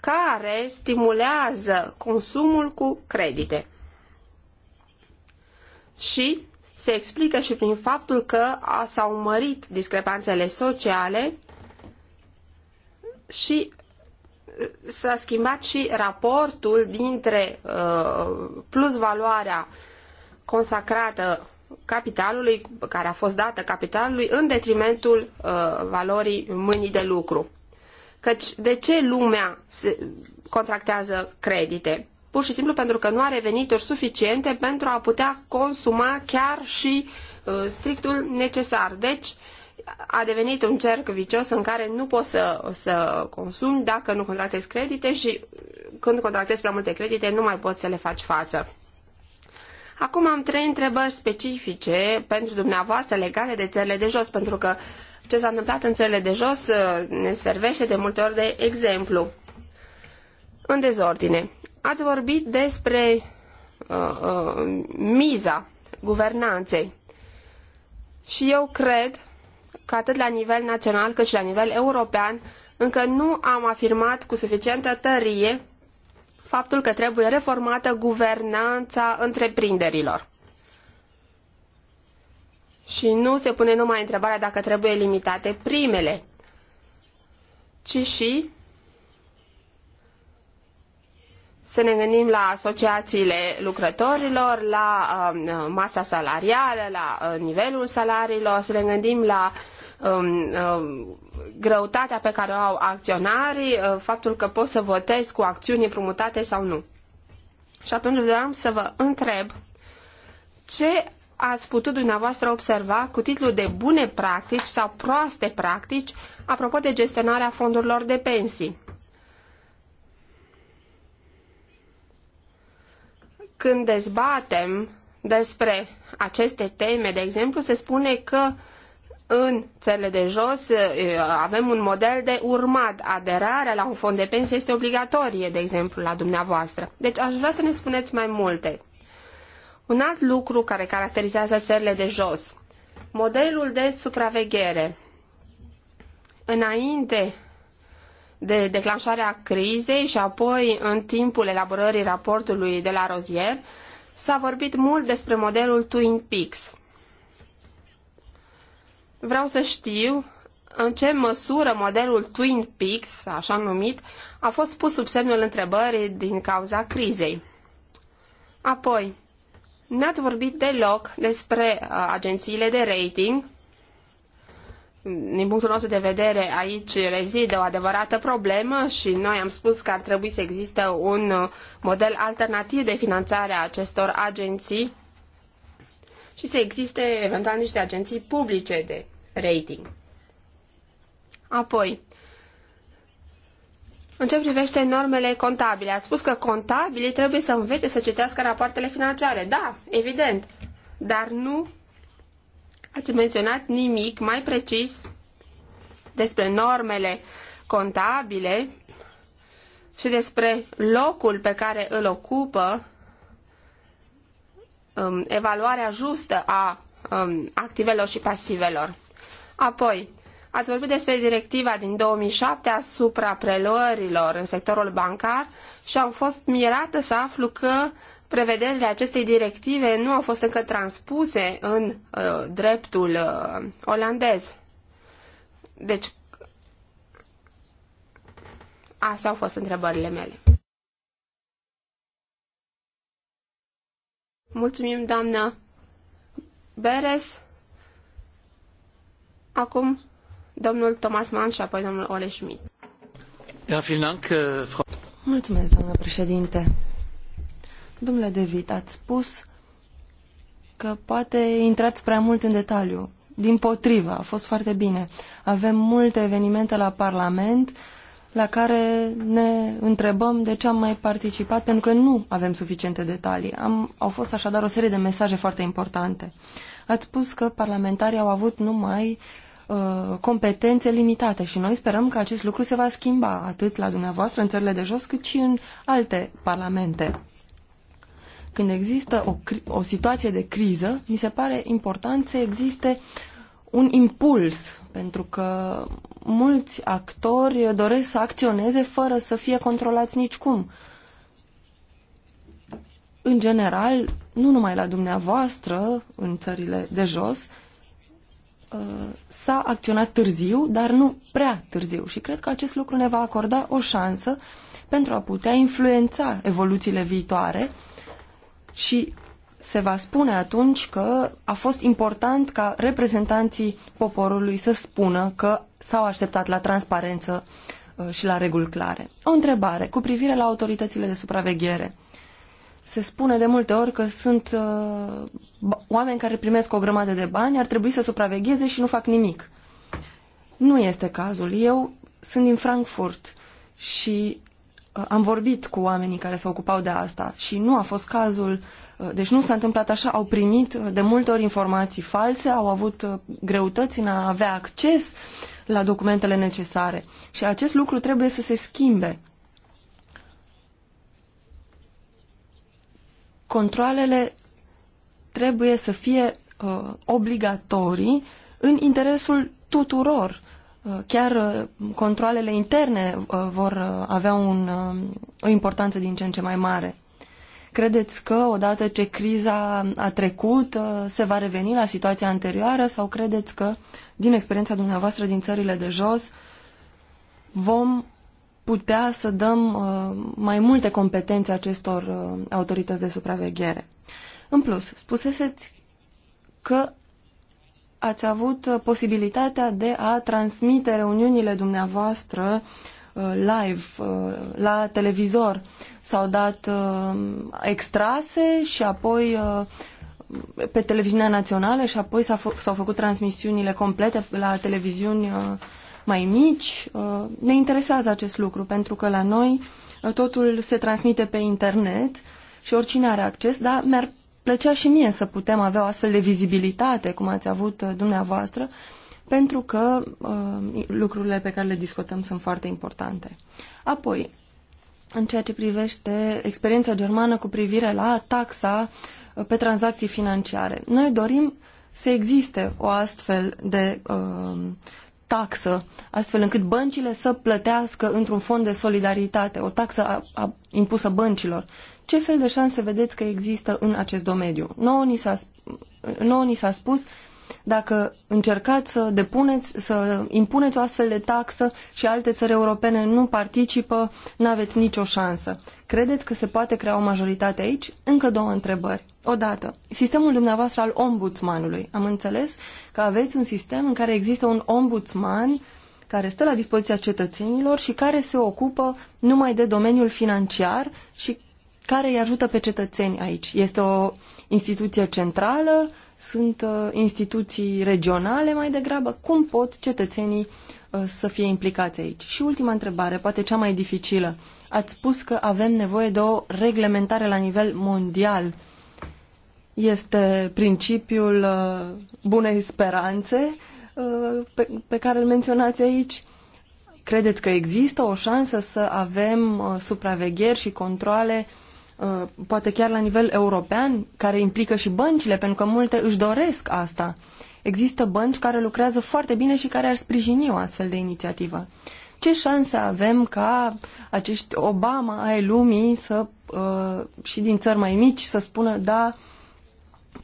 care stimulează consumul cu credite. Și se explică și prin faptul că s-au mărit discrepanțele sociale și uh, s-a schimbat și raportul dintre plusvaloarea uh, plus valoarea consacrată capitalului, care a fost dată capitalului, în detrimentul uh, valorii mâinii de lucru. Căci de ce lumea contractează credite? pur și simplu pentru că nu are venituri suficiente pentru a putea consuma chiar și uh, strictul necesar. Deci, a devenit un cerc vicios în care nu poți să, să consumi dacă nu contractezi credite și când contractezi prea multe credite nu mai poți să le faci față. Acum am trei întrebări specifice pentru dumneavoastră legate de țările de jos, pentru că ce s-a întâmplat în țările de jos uh, ne servește de multe ori de exemplu. În dezordine. Ați vorbit despre uh, uh, miza guvernanței și eu cred că atât la nivel național cât și la nivel european încă nu am afirmat cu suficientă tărie faptul că trebuie reformată guvernanța întreprinderilor. Și nu se pune numai întrebarea dacă trebuie limitate primele, ci și să ne gândim la asociațiile lucrătorilor, la uh, masa salarială, la uh, nivelul salariilor, să ne gândim la um, um, greutatea pe care o au acționarii, uh, faptul că pot să votez cu acțiuni împrumutate sau nu. Și atunci vreau să vă întreb ce ați putut dumneavoastră observa cu titlul de bune practici sau proaste practici apropo de gestionarea fondurilor de pensii când dezbatem despre aceste teme, de exemplu, se spune că în țările de jos avem un model de urmat. Aderarea la un fond de pensie este obligatorie, de exemplu, la dumneavoastră. Deci aș vrea să ne spuneți mai multe. Un alt lucru care caracterizează țările de jos, modelul de supraveghere. Înainte de declanșarea crizei și apoi în timpul elaborării raportului de la Rozier, s-a vorbit mult despre modelul Twin Peaks. Vreau să știu în ce măsură modelul Twin Peaks, așa numit, a fost pus sub semnul întrebării din cauza crizei. Apoi, n-ați vorbit deloc despre uh, agențiile de rating din punctul nostru de vedere, aici rezidă o adevărată problemă și noi am spus că ar trebui să existe un model alternativ de finanțare a acestor agenții și să existe eventual niște agenții publice de rating. Apoi, în ce privește normele contabile, ați spus că contabilii trebuie să învețe să citească rapoartele financiare. Da, evident, dar nu ați menționat nimic mai precis despre normele contabile și despre locul pe care îl ocupă um, evaluarea justă a um, activelor și pasivelor. Apoi, ați vorbit despre directiva din 2007 asupra preluărilor în sectorul bancar și am fost mirată să aflu că prevederile acestei directive nu au fost încă transpuse în uh, dreptul uh, olandez. Deci, astea au fost întrebările mele. Mulțumim, doamnă Beres. Acum, domnul Thomas Mann și apoi domnul Ole Schmidt. Ja, äh, Frau... Mulțumesc, doamnă președinte. Domnule Devit, ați spus că poate intrați prea mult în detaliu. Din potrivă, a fost foarte bine. Avem multe evenimente la Parlament la care ne întrebăm de ce am mai participat, pentru că nu avem suficiente detalii. Am, au fost așadar o serie de mesaje foarte importante. Ați spus că parlamentarii au avut numai uh, competențe limitate și noi sperăm că acest lucru se va schimba atât la dumneavoastră în țările de jos cât și în alte parlamente când există o, o situație de criză, mi se pare important să existe un impuls, pentru că mulți actori doresc să acționeze fără să fie controlați nicicum. În general, nu numai la dumneavoastră, în țările de jos, ă, s-a acționat târziu, dar nu prea târziu și cred că acest lucru ne va acorda o șansă pentru a putea influența evoluțiile viitoare și se va spune atunci că a fost important ca reprezentanții poporului să spună că s-au așteptat la transparență uh, și la reguli clare. O întrebare cu privire la autoritățile de supraveghere. Se spune de multe ori că sunt uh, oameni care primesc o grămadă de bani, ar trebui să supravegheze și nu fac nimic. Nu este cazul. Eu sunt din Frankfurt și Uh, am vorbit cu oamenii care se ocupau de asta și nu a fost cazul, uh, deci nu s-a întâmplat așa, au primit uh, de multe ori informații false, au avut greutăți în a avea acces la documentele necesare și acest lucru trebuie să se schimbe. Controlele trebuie să fie uh, obligatorii în interesul tuturor Uh, chiar uh, controlele interne uh, vor avea un, um, o importanță din ce în ce mai mare. Credeți că odată ce criza a trecut se va reveni la situația anterioară sau credeți că din experiența dumneavoastră din țările de jos vom putea să dăm mai multe competențe acestor autorități de supraveghere? În plus, spuseseți că ați avut uh, posibilitatea de a transmite reuniunile dumneavoastră uh, live uh, la televizor. S-au dat extrase și apoi pe televiziunea națională și apoi s-au făcut transmisiunile complete la televiziuni mai mici. Ne interesează acest lucru pentru că la noi totul se transmite pe internet și oricine are acces, dar mi-ar plăcea și mie să putem avea o astfel de vizibilitate, cum ați avut uh, dumneavoastră, pentru că uh, lucrurile pe care le discutăm sunt foarte importante. Apoi, în ceea ce privește experiența germană cu privire la taxa uh, pe tranzacții financiare, noi dorim să existe o astfel de uh, taxă, astfel încât băncile să plătească într-un fond de solidaritate, o taxă a, a, impusă băncilor ce fel de șanse vedeți că există în acest domeniu? Nouă ni s-a, nouă ni s-a spus dacă încercați să depuneți, să impuneți o astfel de taxă și alte țări europene nu participă, nu aveți nicio șansă. Credeți că se poate crea o majoritate aici? Încă două întrebări. Odată, sistemul dumneavoastră al ombudsmanului. Am înțeles că aveți un sistem în care există un ombudsman care stă la dispoziția cetățenilor și care se ocupă numai de domeniul financiar și care îi ajută pe cetățeni aici? Este o instituție centrală? Sunt uh, instituții regionale mai degrabă? Cum pot cetățenii uh, să fie implicați aici? Și ultima întrebare, poate cea mai dificilă. Ați spus că avem nevoie de o reglementare la nivel mondial. Este principiul uh, bunei speranțe uh, pe, pe care îl menționați aici? Credeți că există o șansă să avem uh, supravegheri și controle uh, Uh, poate chiar la nivel european, care implică și băncile, pentru că multe își doresc asta. Există bănci care lucrează foarte bine și care ar sprijini o astfel de inițiativă. Ce șanse avem ca acești Obama ai lumii să, uh, și din țări mai mici să spună da,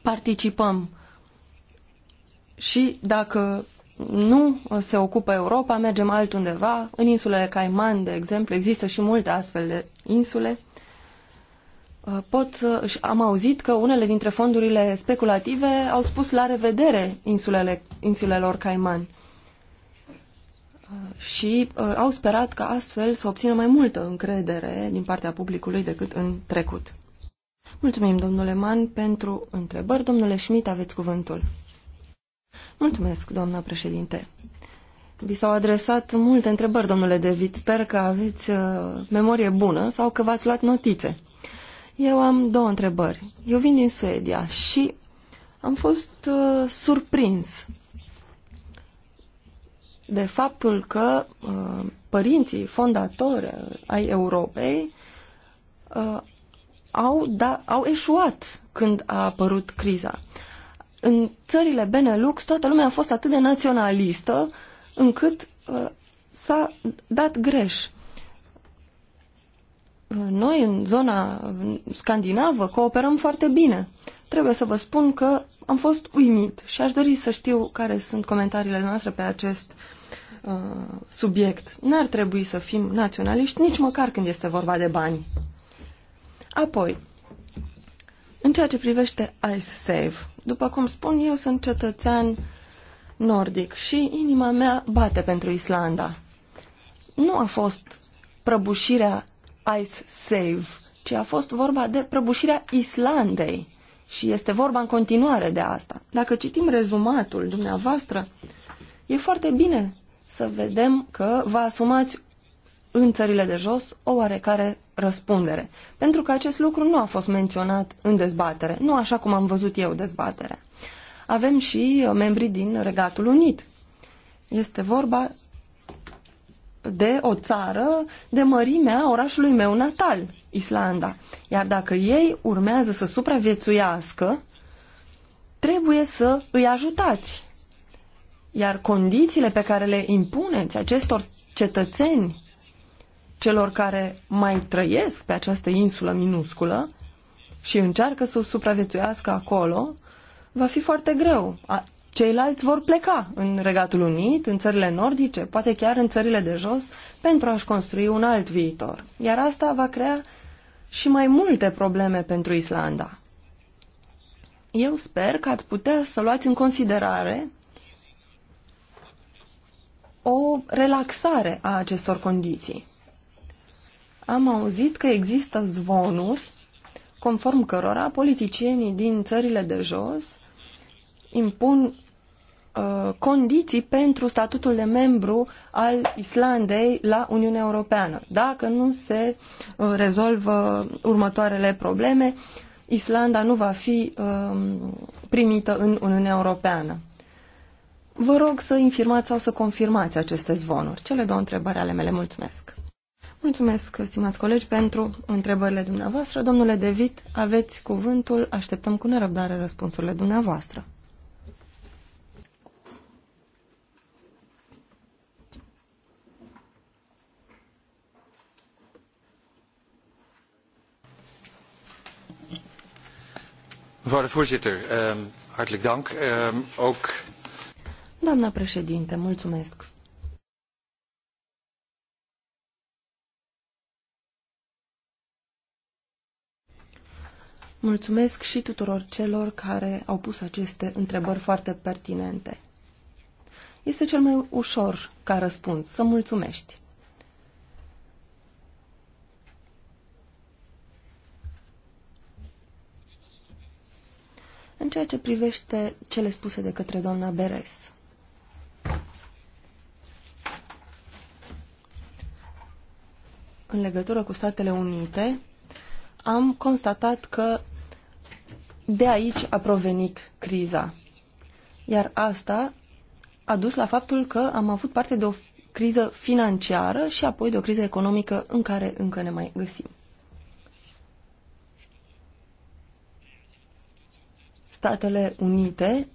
participăm. Și dacă nu se ocupă Europa, mergem altundeva, în insulele Caiman, de exemplu, există și multe astfel de insule, Uh, pot, am auzit că unele dintre fondurile speculative au spus la revedere insulele, insulelor Caiman uh, și uh, au sperat că astfel să obțină mai multă încredere din partea publicului decât în trecut. Mulțumim, domnule Man, pentru întrebări. Domnule Schmidt, aveți cuvântul. Mulțumesc, doamna președinte. Vi s-au adresat multe întrebări, domnule David. Sper că aveți uh, memorie bună sau că v-ați luat notițe. Eu am două întrebări. Eu vin din Suedia și am fost uh, surprins de faptul că uh, părinții fondatori ai Europei uh, au, da, au eșuat când a apărut criza. În țările Benelux toată lumea a fost atât de naționalistă încât uh, s-a dat greș. Noi, în zona scandinavă, cooperăm foarte bine. Trebuie să vă spun că am fost uimit și aș dori să știu care sunt comentariile noastre pe acest uh, subiect. N-ar trebui să fim naționaliști nici măcar când este vorba de bani. Apoi, în ceea ce privește iSave, după cum spun, eu sunt cetățean nordic și inima mea bate pentru Islanda. Nu a fost prăbușirea Ice Save, ci a fost vorba de prăbușirea Islandei și este vorba în continuare de asta. Dacă citim rezumatul dumneavoastră, e foarte bine să vedem că vă asumați în țările de jos o oarecare răspundere, pentru că acest lucru nu a fost menționat în dezbatere, nu așa cum am văzut eu dezbaterea. Avem și membrii din Regatul Unit. Este vorba de o țară de mărimea orașului meu natal, Islanda. Iar dacă ei urmează să supraviețuiască, trebuie să îi ajutați. Iar condițiile pe care le impuneți acestor cetățeni, celor care mai trăiesc pe această insulă minusculă și încearcă să supraviețuiască acolo, va fi foarte greu ceilalți vor pleca în Regatul Unit, în țările nordice, poate chiar în țările de jos, pentru a-și construi un alt viitor. Iar asta va crea și mai multe probleme pentru Islanda. Eu sper că ați putea să luați în considerare o relaxare a acestor condiții. Am auzit că există zvonuri conform cărora politicienii din țările de jos impun Uh, condiții pentru statutul de membru al Islandei la Uniunea Europeană. Dacă nu se uh, rezolvă următoarele probleme, Islanda nu va fi um, primită în Uniunea Europeană. Vă rog să infirmați sau să confirmați aceste zvonuri. Cele două întrebări ale mele. Mulțumesc! Mulțumesc, stimați colegi, pentru întrebările dumneavoastră. Domnule David, aveți cuvântul. Așteptăm cu nerăbdare răspunsurile dumneavoastră. Mevrouw voorzitter, ehm, hartelijk dank. Ehm, ook... Doamna președinte, mulțumesc. Mulțumesc și tuturor celor care au pus aceste întrebări foarte pertinente. Este cel mai ușor ca răspuns să mulțumești. În ceea ce privește cele spuse de către doamna Beres, în legătură cu Statele Unite, am constatat că de aici a provenit criza. Iar asta a dus la faptul că am avut parte de o criză financiară și apoi de o criză economică în care încă ne mai găsim. Statele Unite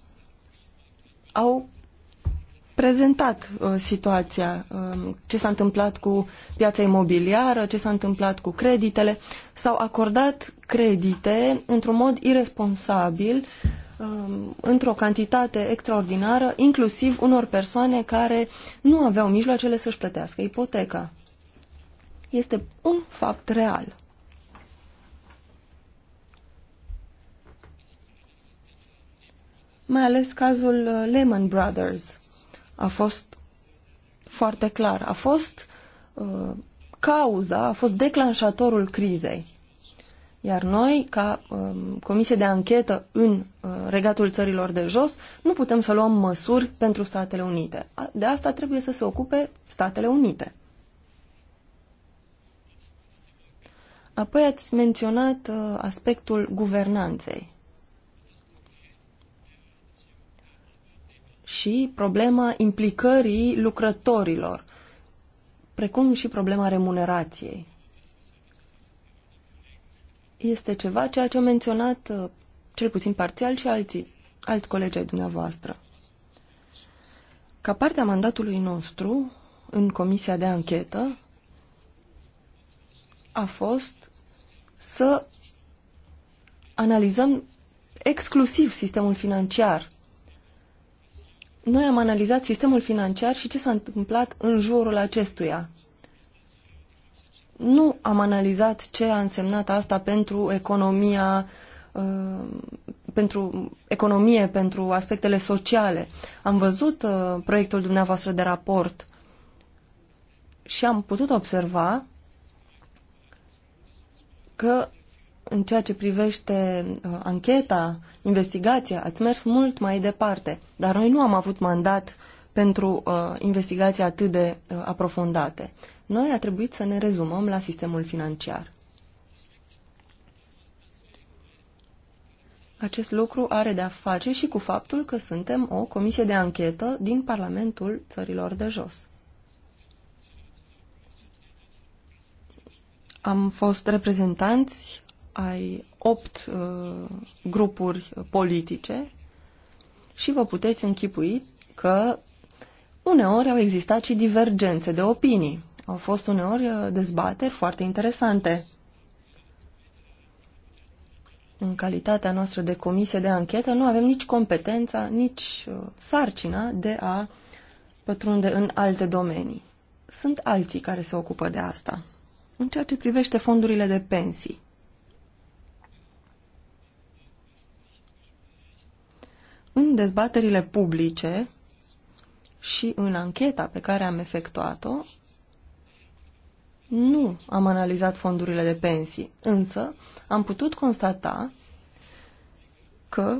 au prezentat uh, situația, uh, ce s-a întâmplat cu piața imobiliară, ce s-a întâmplat cu creditele. S-au acordat credite într-un mod irresponsabil, uh, într-o cantitate extraordinară, inclusiv unor persoane care nu aveau mijloacele să-și plătească ipoteca. Este un fapt real. mai ales cazul uh, Lehman Brothers a fost foarte clar, a fost uh, cauza, a fost declanșatorul crizei. Iar noi, ca um, comisie de anchetă în uh, regatul țărilor de jos, nu putem să luăm măsuri pentru Statele Unite. De asta trebuie să se ocupe Statele Unite. Apoi ați menționat uh, aspectul guvernanței. și problema implicării lucrătorilor, precum și problema remunerației. Este ceva ceea ce au menționat uh, cel puțin parțial și alții, alți colegi ai dumneavoastră. Ca parte a mandatului nostru, în comisia de anchetă, a fost să analizăm exclusiv sistemul financiar noi am analizat sistemul financiar și ce s-a întâmplat în jurul acestuia. Nu am analizat ce a însemnat asta pentru economia uh, pentru economie, pentru aspectele sociale. Am văzut uh, proiectul dumneavoastră de raport și am putut observa că în ceea ce privește uh, ancheta investigația, ați mers mult mai departe, dar noi nu am avut mandat pentru uh, investigații atât de uh, aprofundate. Noi a trebuit să ne rezumăm la sistemul financiar. Acest lucru are de-a face și cu faptul că suntem o comisie de anchetă din Parlamentul Țărilor de Jos. Am fost reprezentanți ai opt uh, grupuri politice și vă puteți închipui că uneori au existat și divergențe de opinii. Au fost uneori uh, dezbateri foarte interesante. În calitatea noastră de comisie de anchetă nu avem nici competența, nici uh, sarcina de a pătrunde în alte domenii. Sunt alții care se ocupă de asta. În ceea ce privește fondurile de pensii, în dezbaterile publice și în ancheta pe care am efectuat-o, nu am analizat fondurile de pensii, însă am putut constata că,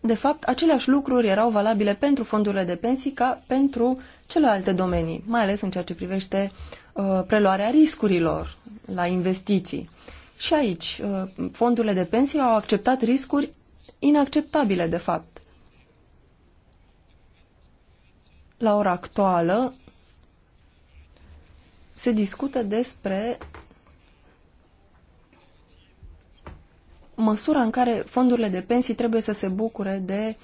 de fapt, aceleași lucruri erau valabile pentru fondurile de pensii ca pentru celelalte domenii, mai ales în ceea ce privește uh, preluarea riscurilor la investiții. Și aici, uh, fondurile de pensii au acceptat riscuri inacceptabile, de fapt. la ora actuală se discută despre măsura în care fondurile de pensii trebuie să se bucure de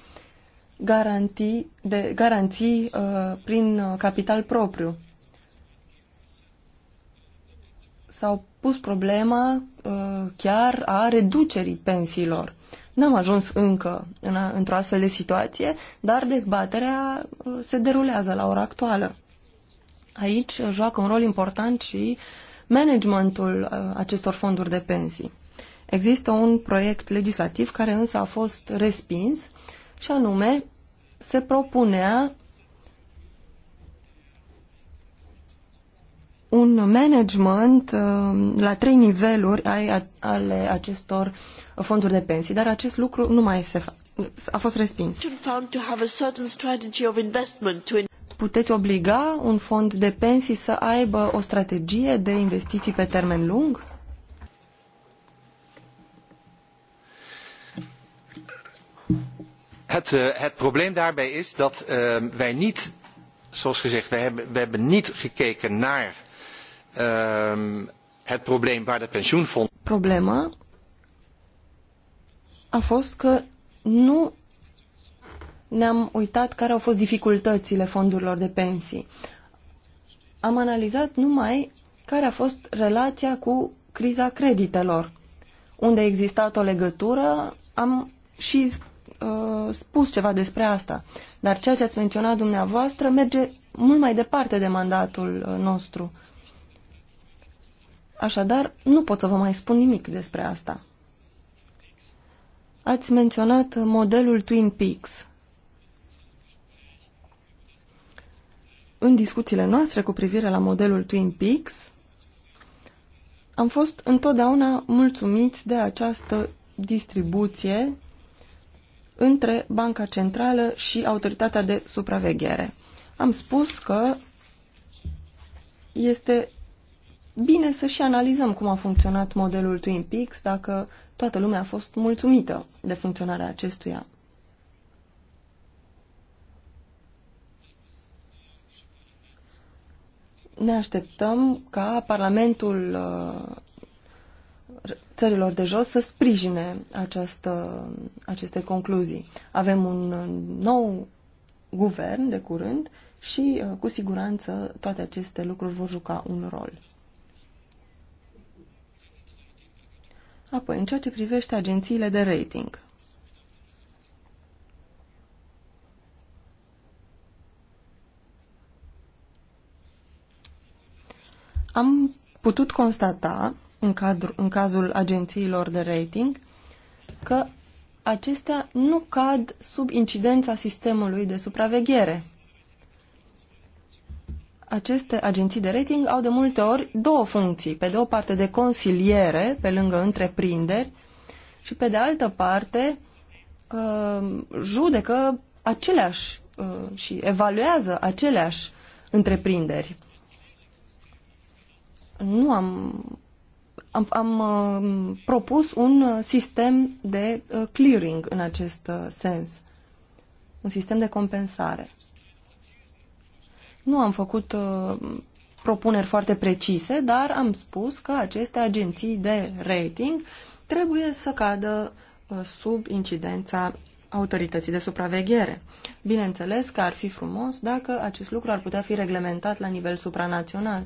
garantii, de garanții uh, prin uh, capital propriu. S-au pus problema uh, chiar a reducerii pensiilor. Uh, N-am ajuns încă în, într-o astfel de situație, dar dezbaterea uh, se derulează la ora actuală. Aici uh, joacă un rol important și managementul uh, acestor fonduri de pensii. Există un proiect legislativ care însă a fost respins și anume se propunea un management uh, la trei niveluri ale acestor fonduri de pensii, dar acest lucru nu mai se face. A fost respins. Puteți obliga un fond de pensii să aibă o strategie de investiții pe termen lung? Het, eh, het probleem daarbij is dat uh, wij niet, zoals gezegd, we hebben, we hebben niet gekeken naar Ehm, het probleem waar de Problema a fost că nu ne-am uitat care au fost dificultățile fondurilor de pensii. Am analizat numai care a fost relația cu criza creditelor. Unde a existat o legătură, am și uh, spus ceva despre asta. Dar ceea ce ați menționat dumneavoastră merge mult mai departe de mandatul uh, nostru. Așadar, nu pot să vă mai spun nimic despre asta. Ați menționat modelul Twin Peaks. În discuțiile noastre cu privire la modelul Twin Peaks, am fost întotdeauna mulțumiți de această distribuție între Banca Centrală și Autoritatea de Supraveghere. Am spus că este bine să și analizăm cum a funcționat modelul Twin Peaks, dacă toată lumea a fost mulțumită de funcționarea acestuia. Ne așteptăm ca Parlamentul uh, țărilor de jos să sprijine această, aceste concluzii. Avem un uh, nou guvern de curând și, uh, cu siguranță, toate aceste lucruri vor juca un rol. Apoi, în ceea ce privește agențiile de rating. Am putut constata, în, cadru, în cazul agențiilor de rating, că acestea nu cad sub incidența sistemului de supraveghere aceste agenții de rating au de multe ori două funcții. Pe de o parte de consiliere, pe lângă întreprinderi, și pe de altă parte uh, judecă aceleași uh, și evaluează aceleași întreprinderi. Nu am am, am uh, propus un sistem de clearing în acest sens, un sistem de compensare. Nu am făcut uh, propuneri foarte precise, dar am spus că aceste agenții de rating trebuie să cadă uh, sub incidența autorității de supraveghere. Bineînțeles că ar fi frumos dacă acest lucru ar putea fi reglementat la nivel supranațional.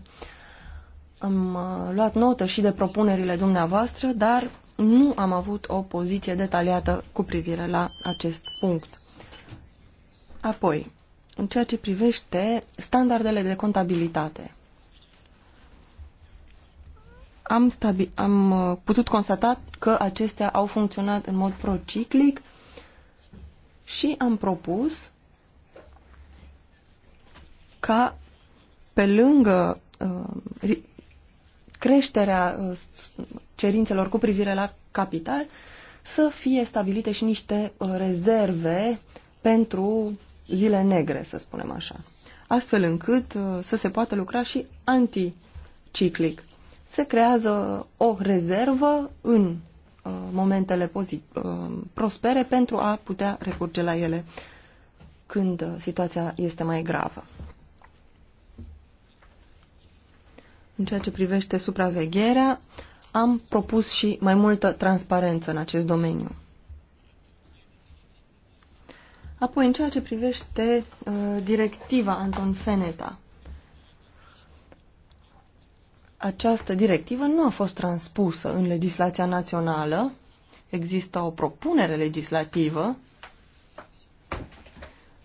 Am uh, luat notă și de propunerile dumneavoastră, dar nu am avut o poziție detaliată cu privire la acest punct. Apoi, în ceea ce privește standardele de contabilitate. Am, am uh, putut constata că acestea au funcționat în mod prociclic și am propus ca pe lângă uh, creșterea uh, cerințelor cu privire la capital să fie stabilite și niște uh, rezerve pentru zile negre, să spunem așa, astfel încât uh, să se poată lucra și anticiclic. Se creează o rezervă în uh, momentele uh, prospere pentru a putea recurge la ele când situația este mai gravă. În ceea ce privește supravegherea, am propus și mai multă transparență în acest domeniu. Apoi, în ceea ce privește uh, directiva Anton Feneta, această directivă nu a fost transpusă în legislația națională. Există o propunere legislativă.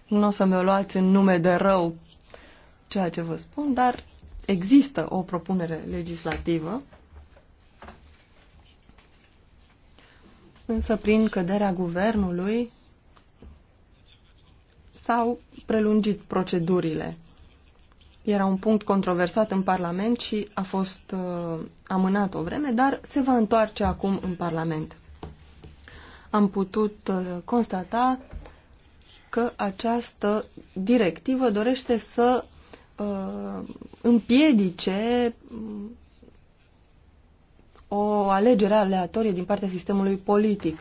Nu o să mi-o luați în nume de rău ceea ce vă spun, dar există o propunere legislativă. Însă, prin căderea guvernului, s-au prelungit procedurile. Era un punct controversat în Parlament și a fost uh, amânat o vreme, dar se va întoarce acum în Parlament. Am putut uh, constata că această directivă dorește să uh, împiedice mm, o alegere aleatorie din partea sistemului politic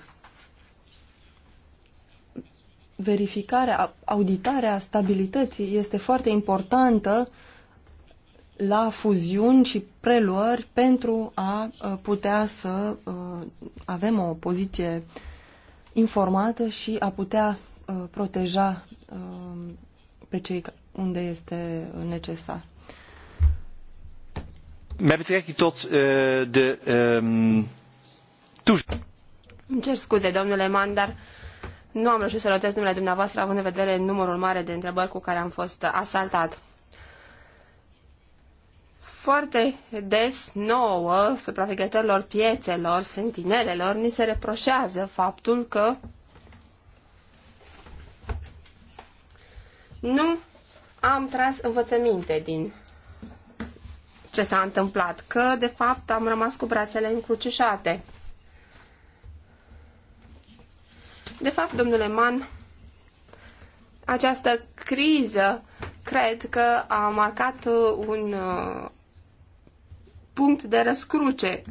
verificarea, auditarea stabilității este foarte importantă la fuziuni și preluări pentru a uh, putea să uh, avem o poziție informată și a putea uh, proteja pe cei unde este necesar. Met betrekking tot uh, de um, Îmi cer scuze, domnule Mandar. Uh, nu am reușit să notez numele dumneavoastră, având în vedere numărul mare de întrebări cu care am fost asaltat. Foarte des nouă supraveghetorilor piețelor, sentinelelor, ni se reproșează faptul că nu am tras învățăminte din ce s-a întâmplat, că de fapt am rămas cu brațele încrucișate. De fapt, domnule Mann, această criză cred că a marcat un uh, punct de răscruce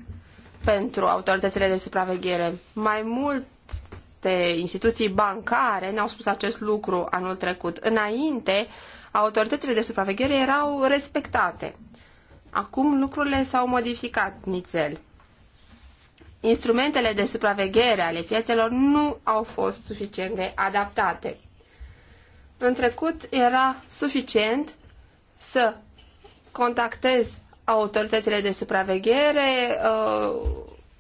pentru autoritățile de supraveghere. Mai multe instituții bancare ne-au spus acest lucru anul trecut. Înainte, autoritățile de supraveghere erau respectate. Acum lucrurile s-au modificat nițel instrumentele de supraveghere ale piețelor nu au fost suficient de adaptate. În trecut era suficient să contactezi autoritățile de supraveghere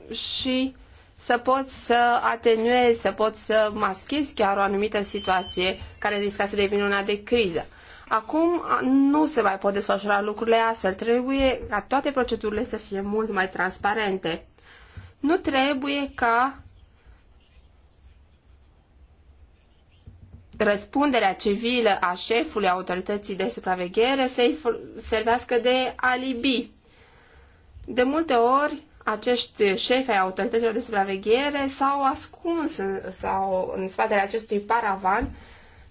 uh, și să poți să atenuezi, să poți să maschezi chiar o anumită situație care risca să devină una de criză. Acum nu se mai pot desfășura lucrurile astfel. Trebuie ca toate procedurile să fie mult mai transparente. Nu trebuie ca răspunderea civilă a șefului autorității de supraveghere să-i servească de alibi. De multe ori, acești șefi ai autorităților de supraveghere s-au ascuns în, sau în spatele acestui paravan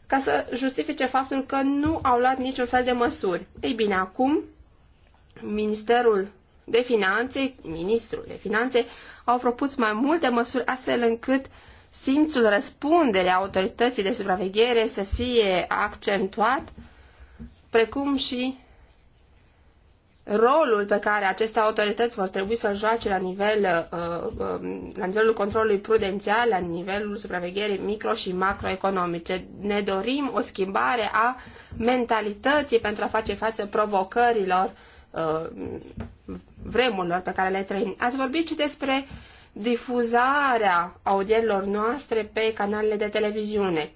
ca să justifice faptul că nu au luat niciun fel de măsuri. Ei bine, acum Ministerul de Finanțe, ministrul de Finanțe, au propus mai multe măsuri astfel încât simțul răspunderii autorității de supraveghere să fie accentuat, precum și rolul pe care aceste autorități vor trebui să-l joace la, nivel, uh, um, la nivelul controlului prudențial, la nivelul supravegherii micro și macroeconomice. Ne dorim o schimbare a mentalității pentru a face față provocărilor Uh, vremurilor pe care le trăim. Ați vorbit și despre difuzarea audierilor noastre pe canalele de televiziune.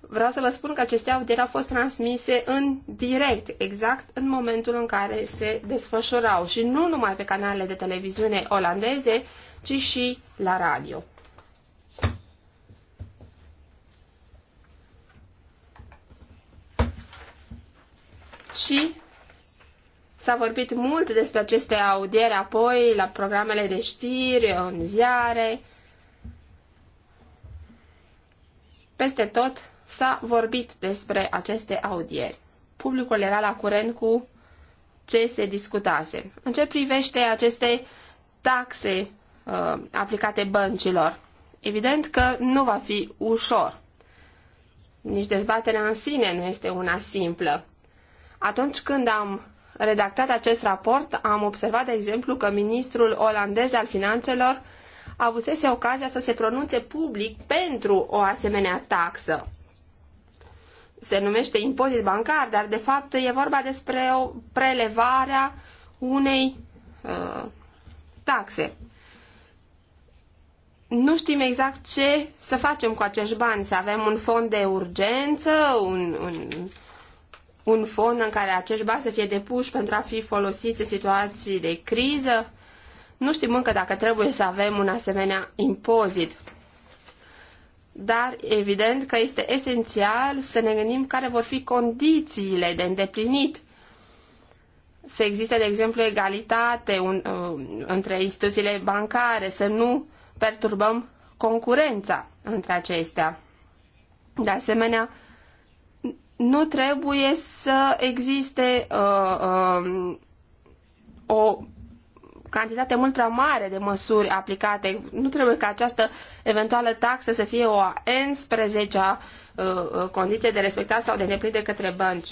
Vreau să vă spun că aceste audieri au fost transmise în direct, exact în momentul în care se desfășurau și nu numai pe canalele de televiziune olandeze, ci și la radio. Și S-a vorbit mult despre aceste audiere apoi la programele de știri, în ziare. Peste tot s-a vorbit despre aceste audieri. Publicul era la curent cu ce se discutase. În ce privește aceste taxe uh, aplicate băncilor? Evident că nu va fi ușor. Nici dezbaterea în sine nu este una simplă. Atunci când am redactat acest raport, am observat, de exemplu, că ministrul olandez al finanțelor avusese ocazia să se pronunțe public pentru o asemenea taxă. Se numește impozit bancar, dar de fapt e vorba despre o prelevarea unei uh, taxe. Nu știm exact ce să facem cu acești bani, să avem un fond de urgență, un, un un fond în care acești bani să fie depuși pentru a fi folosiți în situații de criză? Nu știm încă dacă trebuie să avem un asemenea impozit. Dar evident că este esențial să ne gândim care vor fi condițiile de îndeplinit. Să existe, de exemplu, egalitate un, uh, între instituțiile bancare, să nu perturbăm concurența între acestea. De asemenea, nu trebuie să existe uh, uh, o cantitate mult prea mare de măsuri aplicate. Nu trebuie ca această eventuală taxă să fie o a 11 uh, condiție de respectat sau de îndeplinit de către bănci.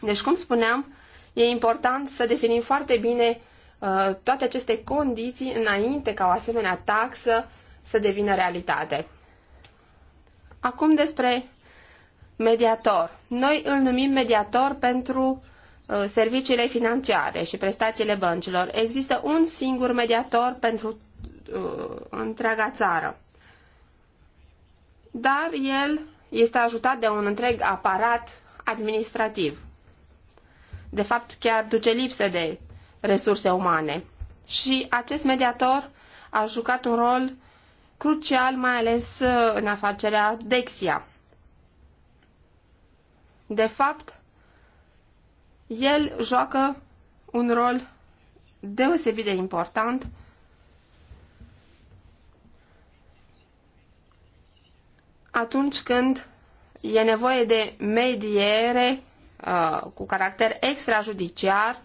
Deci, cum spuneam, e important să definim foarte bine uh, toate aceste condiții înainte ca o asemenea taxă să devină realitate. Acum despre mediator. Noi îl numim mediator pentru uh, serviciile financiare și prestațiile băncilor. Există un singur mediator pentru uh, întreaga țară. Dar el este ajutat de un întreg aparat administrativ. De fapt, chiar duce lipsă de resurse umane. Și acest mediator a jucat un rol crucial, mai ales uh, în afacerea Dexia. De fapt, el joacă un rol deosebit de important atunci când e nevoie de mediere uh, cu caracter extrajudiciar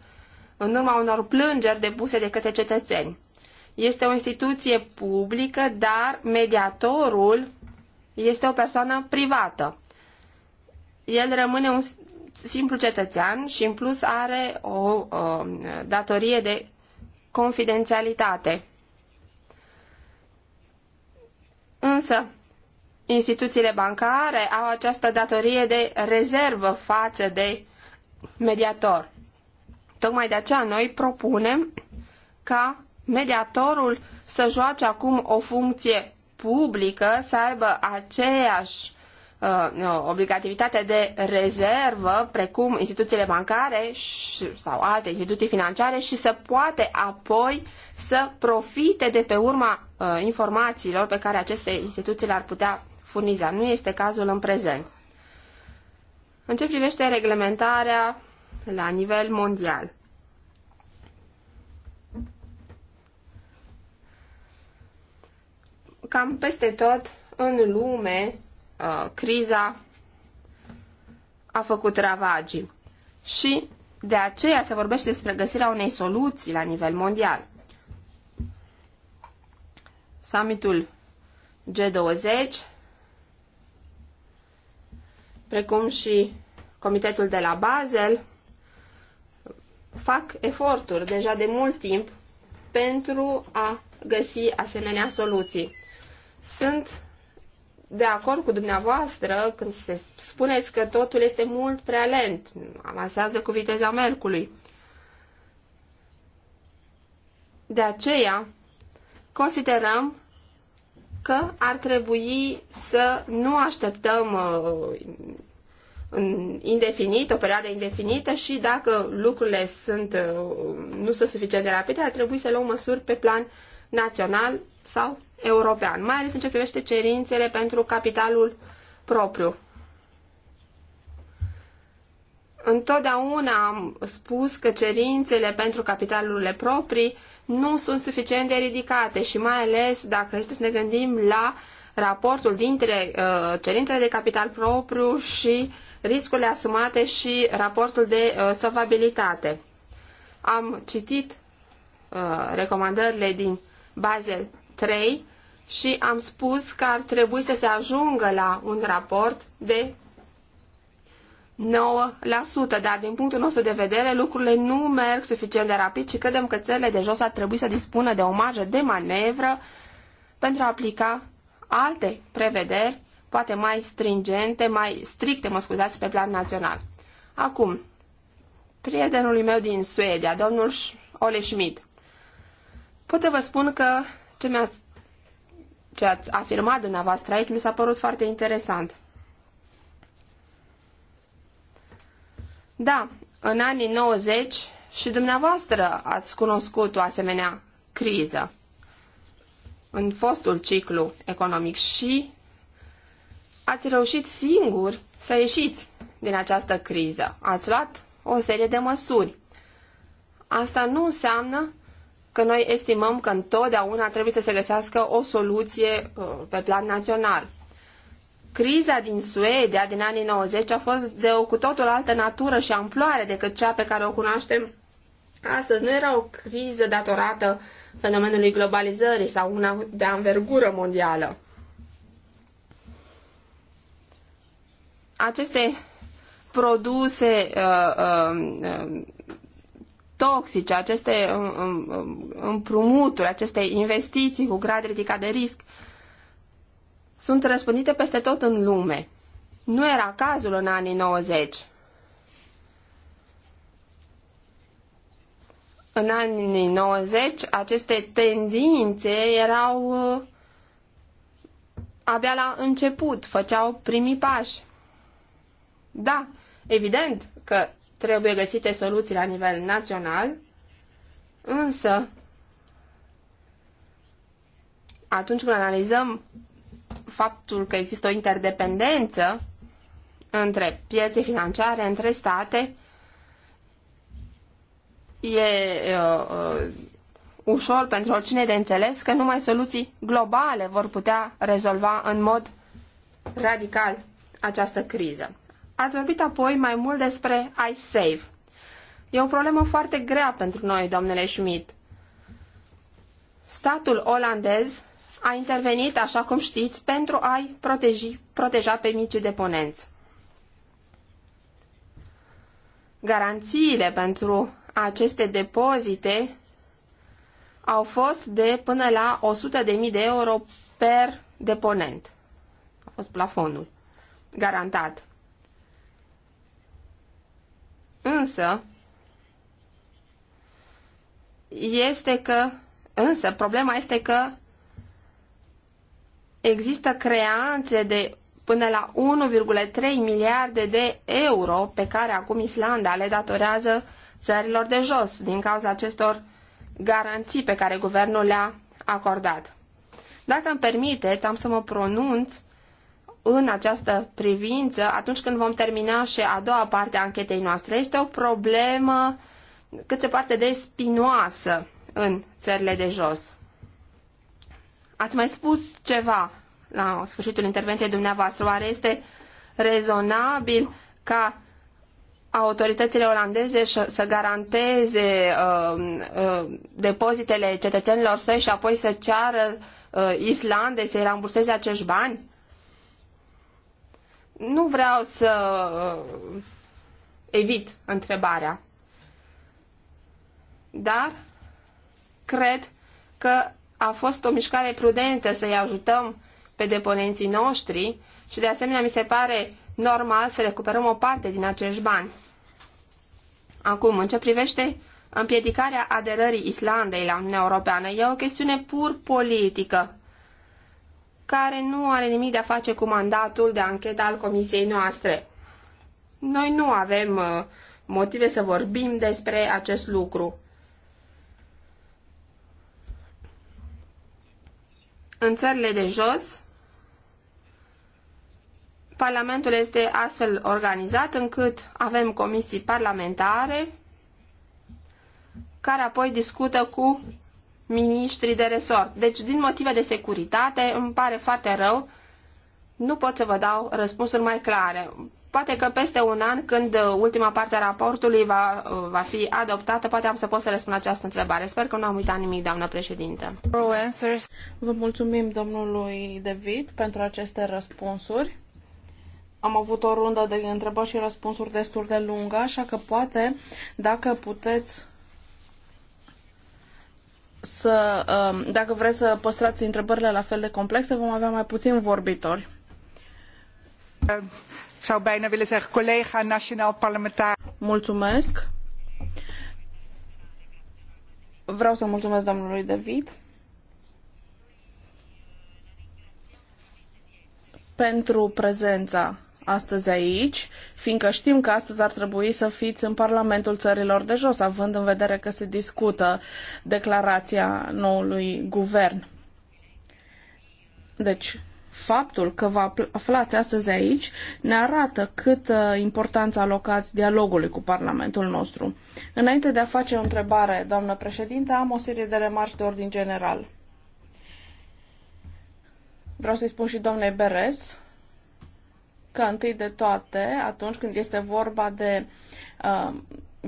în urma unor plângeri depuse de către cetățeni. Este o instituție publică, dar mediatorul este o persoană privată el rămâne un simplu cetățean și în plus are o, o um, datorie de confidențialitate. Însă, instituțiile bancare au această datorie de rezervă față de mediator. Tocmai de aceea noi propunem ca mediatorul să joace acum o funcție publică, să aibă aceeași Uh, obligativitate de rezervă, precum instituțiile bancare sau alte instituții financiare și să poate apoi să profite de pe urma uh, informațiilor pe care aceste instituții le-ar putea furniza. Nu este cazul în prezent. În ce privește reglementarea la nivel mondial? Cam peste tot în lume Uh, criza a făcut ravagii și de aceea se vorbește despre găsirea unei soluții la nivel mondial. Summitul G20, precum și Comitetul de la Basel, fac eforturi deja de mult timp pentru a găsi asemenea soluții. Sunt de acord cu dumneavoastră când se spuneți că totul este mult prea lent, avansează cu viteza mercului. De aceea, considerăm că ar trebui să nu așteptăm uh, indefinit, o perioadă indefinită și dacă lucrurile sunt, uh, nu sunt suficient de rapide, ar trebui să luăm măsuri pe plan național sau european, mai ales în ce privește cerințele pentru capitalul propriu. Întotdeauna am spus că cerințele pentru capitalurile proprii nu sunt suficient de ridicate și mai ales dacă este să ne gândim la raportul dintre uh, cerințele de capital propriu și riscurile asumate și raportul de uh, solvabilitate. Am citit uh, recomandările din Basel 3 și am spus că ar trebui să se ajungă la un raport de 9%, dar din punctul nostru de vedere lucrurile nu merg suficient de rapid și credem că țările de jos ar trebui să dispună de o marjă de manevră pentru a aplica alte prevederi, poate mai stringente, mai stricte, mă scuzați, pe plan național. Acum, prietenului meu din Suedia, domnul Ole Schmidt, pot să vă spun că ce, mi ce ați afirmat dumneavoastră aici mi s-a părut foarte interesant. Da, în anii 90 și dumneavoastră ați cunoscut o asemenea criză în fostul ciclu economic și ați reușit singuri să ieșiți din această criză. Ați luat o serie de măsuri. Asta nu înseamnă că noi estimăm că întotdeauna trebuie să se găsească o soluție uh, pe plan național. Criza din Suedia din anii 90 a fost de o cu totul altă natură și amploare decât cea pe care o cunoaștem astăzi. Nu era o criză datorată fenomenului globalizării sau una de anvergură mondială. Aceste produse uh, uh, uh, toxice, aceste um, um, um, împrumuturi, aceste investiții cu grad ridicat de risc, sunt răspândite peste tot în lume. Nu era cazul în anii 90. În anii 90, aceste tendințe erau uh, abia la început, făceau primii pași. Da, evident că trebuie găsite soluții la nivel național, însă atunci când analizăm faptul că există o interdependență între piețe financiare, între state, e uh, ușor pentru oricine de înțeles că numai soluții globale vor putea rezolva în mod radical această criză. Ați vorbit apoi mai mult despre iSafe. E o problemă foarte grea pentru noi, domnule Schmidt. Statul olandez a intervenit, așa cum știți, pentru a-i proteji, proteja pe micii deponenți. Garanțiile pentru aceste depozite au fost de până la 100.000 de euro per deponent. A fost plafonul garantat. Însă, este că, însă, problema este că există creanțe de până la 1,3 miliarde de euro pe care acum Islanda le datorează țărilor de jos din cauza acestor garanții pe care guvernul le-a acordat. Dacă îmi permiteți, am să mă pronunț în această privință atunci când vom termina și a doua parte a anchetei noastre. Este o problemă cât se poate de spinoasă în țările de jos. Ați mai spus ceva la sfârșitul intervenției dumneavoastră. Oare este rezonabil ca autoritățile olandeze să garanteze uh, uh, depozitele cetățenilor săi și apoi să ceară uh, Islandei să-i ramburseze acești bani? Nu vreau să uh, evit întrebarea, dar cred că a fost o mișcare prudentă să-i ajutăm pe deponenții noștri și de asemenea mi se pare normal să recuperăm o parte din acești bani. Acum, în ce privește împiedicarea aderării Islandei la Uniunea Europeană, e o chestiune pur politică care nu are nimic de a face cu mandatul de anchetă al comisiei noastre. Noi nu avem uh, motive să vorbim despre acest lucru. În țările de jos, Parlamentul este astfel organizat încât avem comisii parlamentare care apoi discută cu miniștri de resort. Deci, din motive de securitate, îmi pare foarte rău, nu pot să vă dau răspunsuri mai clare. Poate că peste un an, când ultima parte a raportului va, va fi adoptată, poate am să pot să răspund această întrebare. Sper că nu am uitat nimic, doamnă președintă. Vă mulțumim domnului David pentru aceste răspunsuri. Am avut o rundă de întrebări și răspunsuri destul de lungă, așa că poate, dacă puteți să, um, dacă vreți să păstrați întrebările la fel de complexe, vom avea mai puțin vorbitori. Sau bijna willen zeggen collega nationaal parlamentar. Mulțumesc. Vreau să mulțumesc domnului David pentru prezența astăzi aici, fiindcă știm că astăzi ar trebui să fiți în Parlamentul țărilor de jos, având în vedere că se discută declarația noului guvern. Deci, faptul că vă aflați astăzi aici ne arată cât uh, importanța alocați dialogului cu Parlamentul nostru. Înainte de a face o întrebare, doamnă președinte, am o serie de remarci de ordin general. Vreau să-i spun și doamnei Beres că întâi de toate, atunci când este vorba de uh,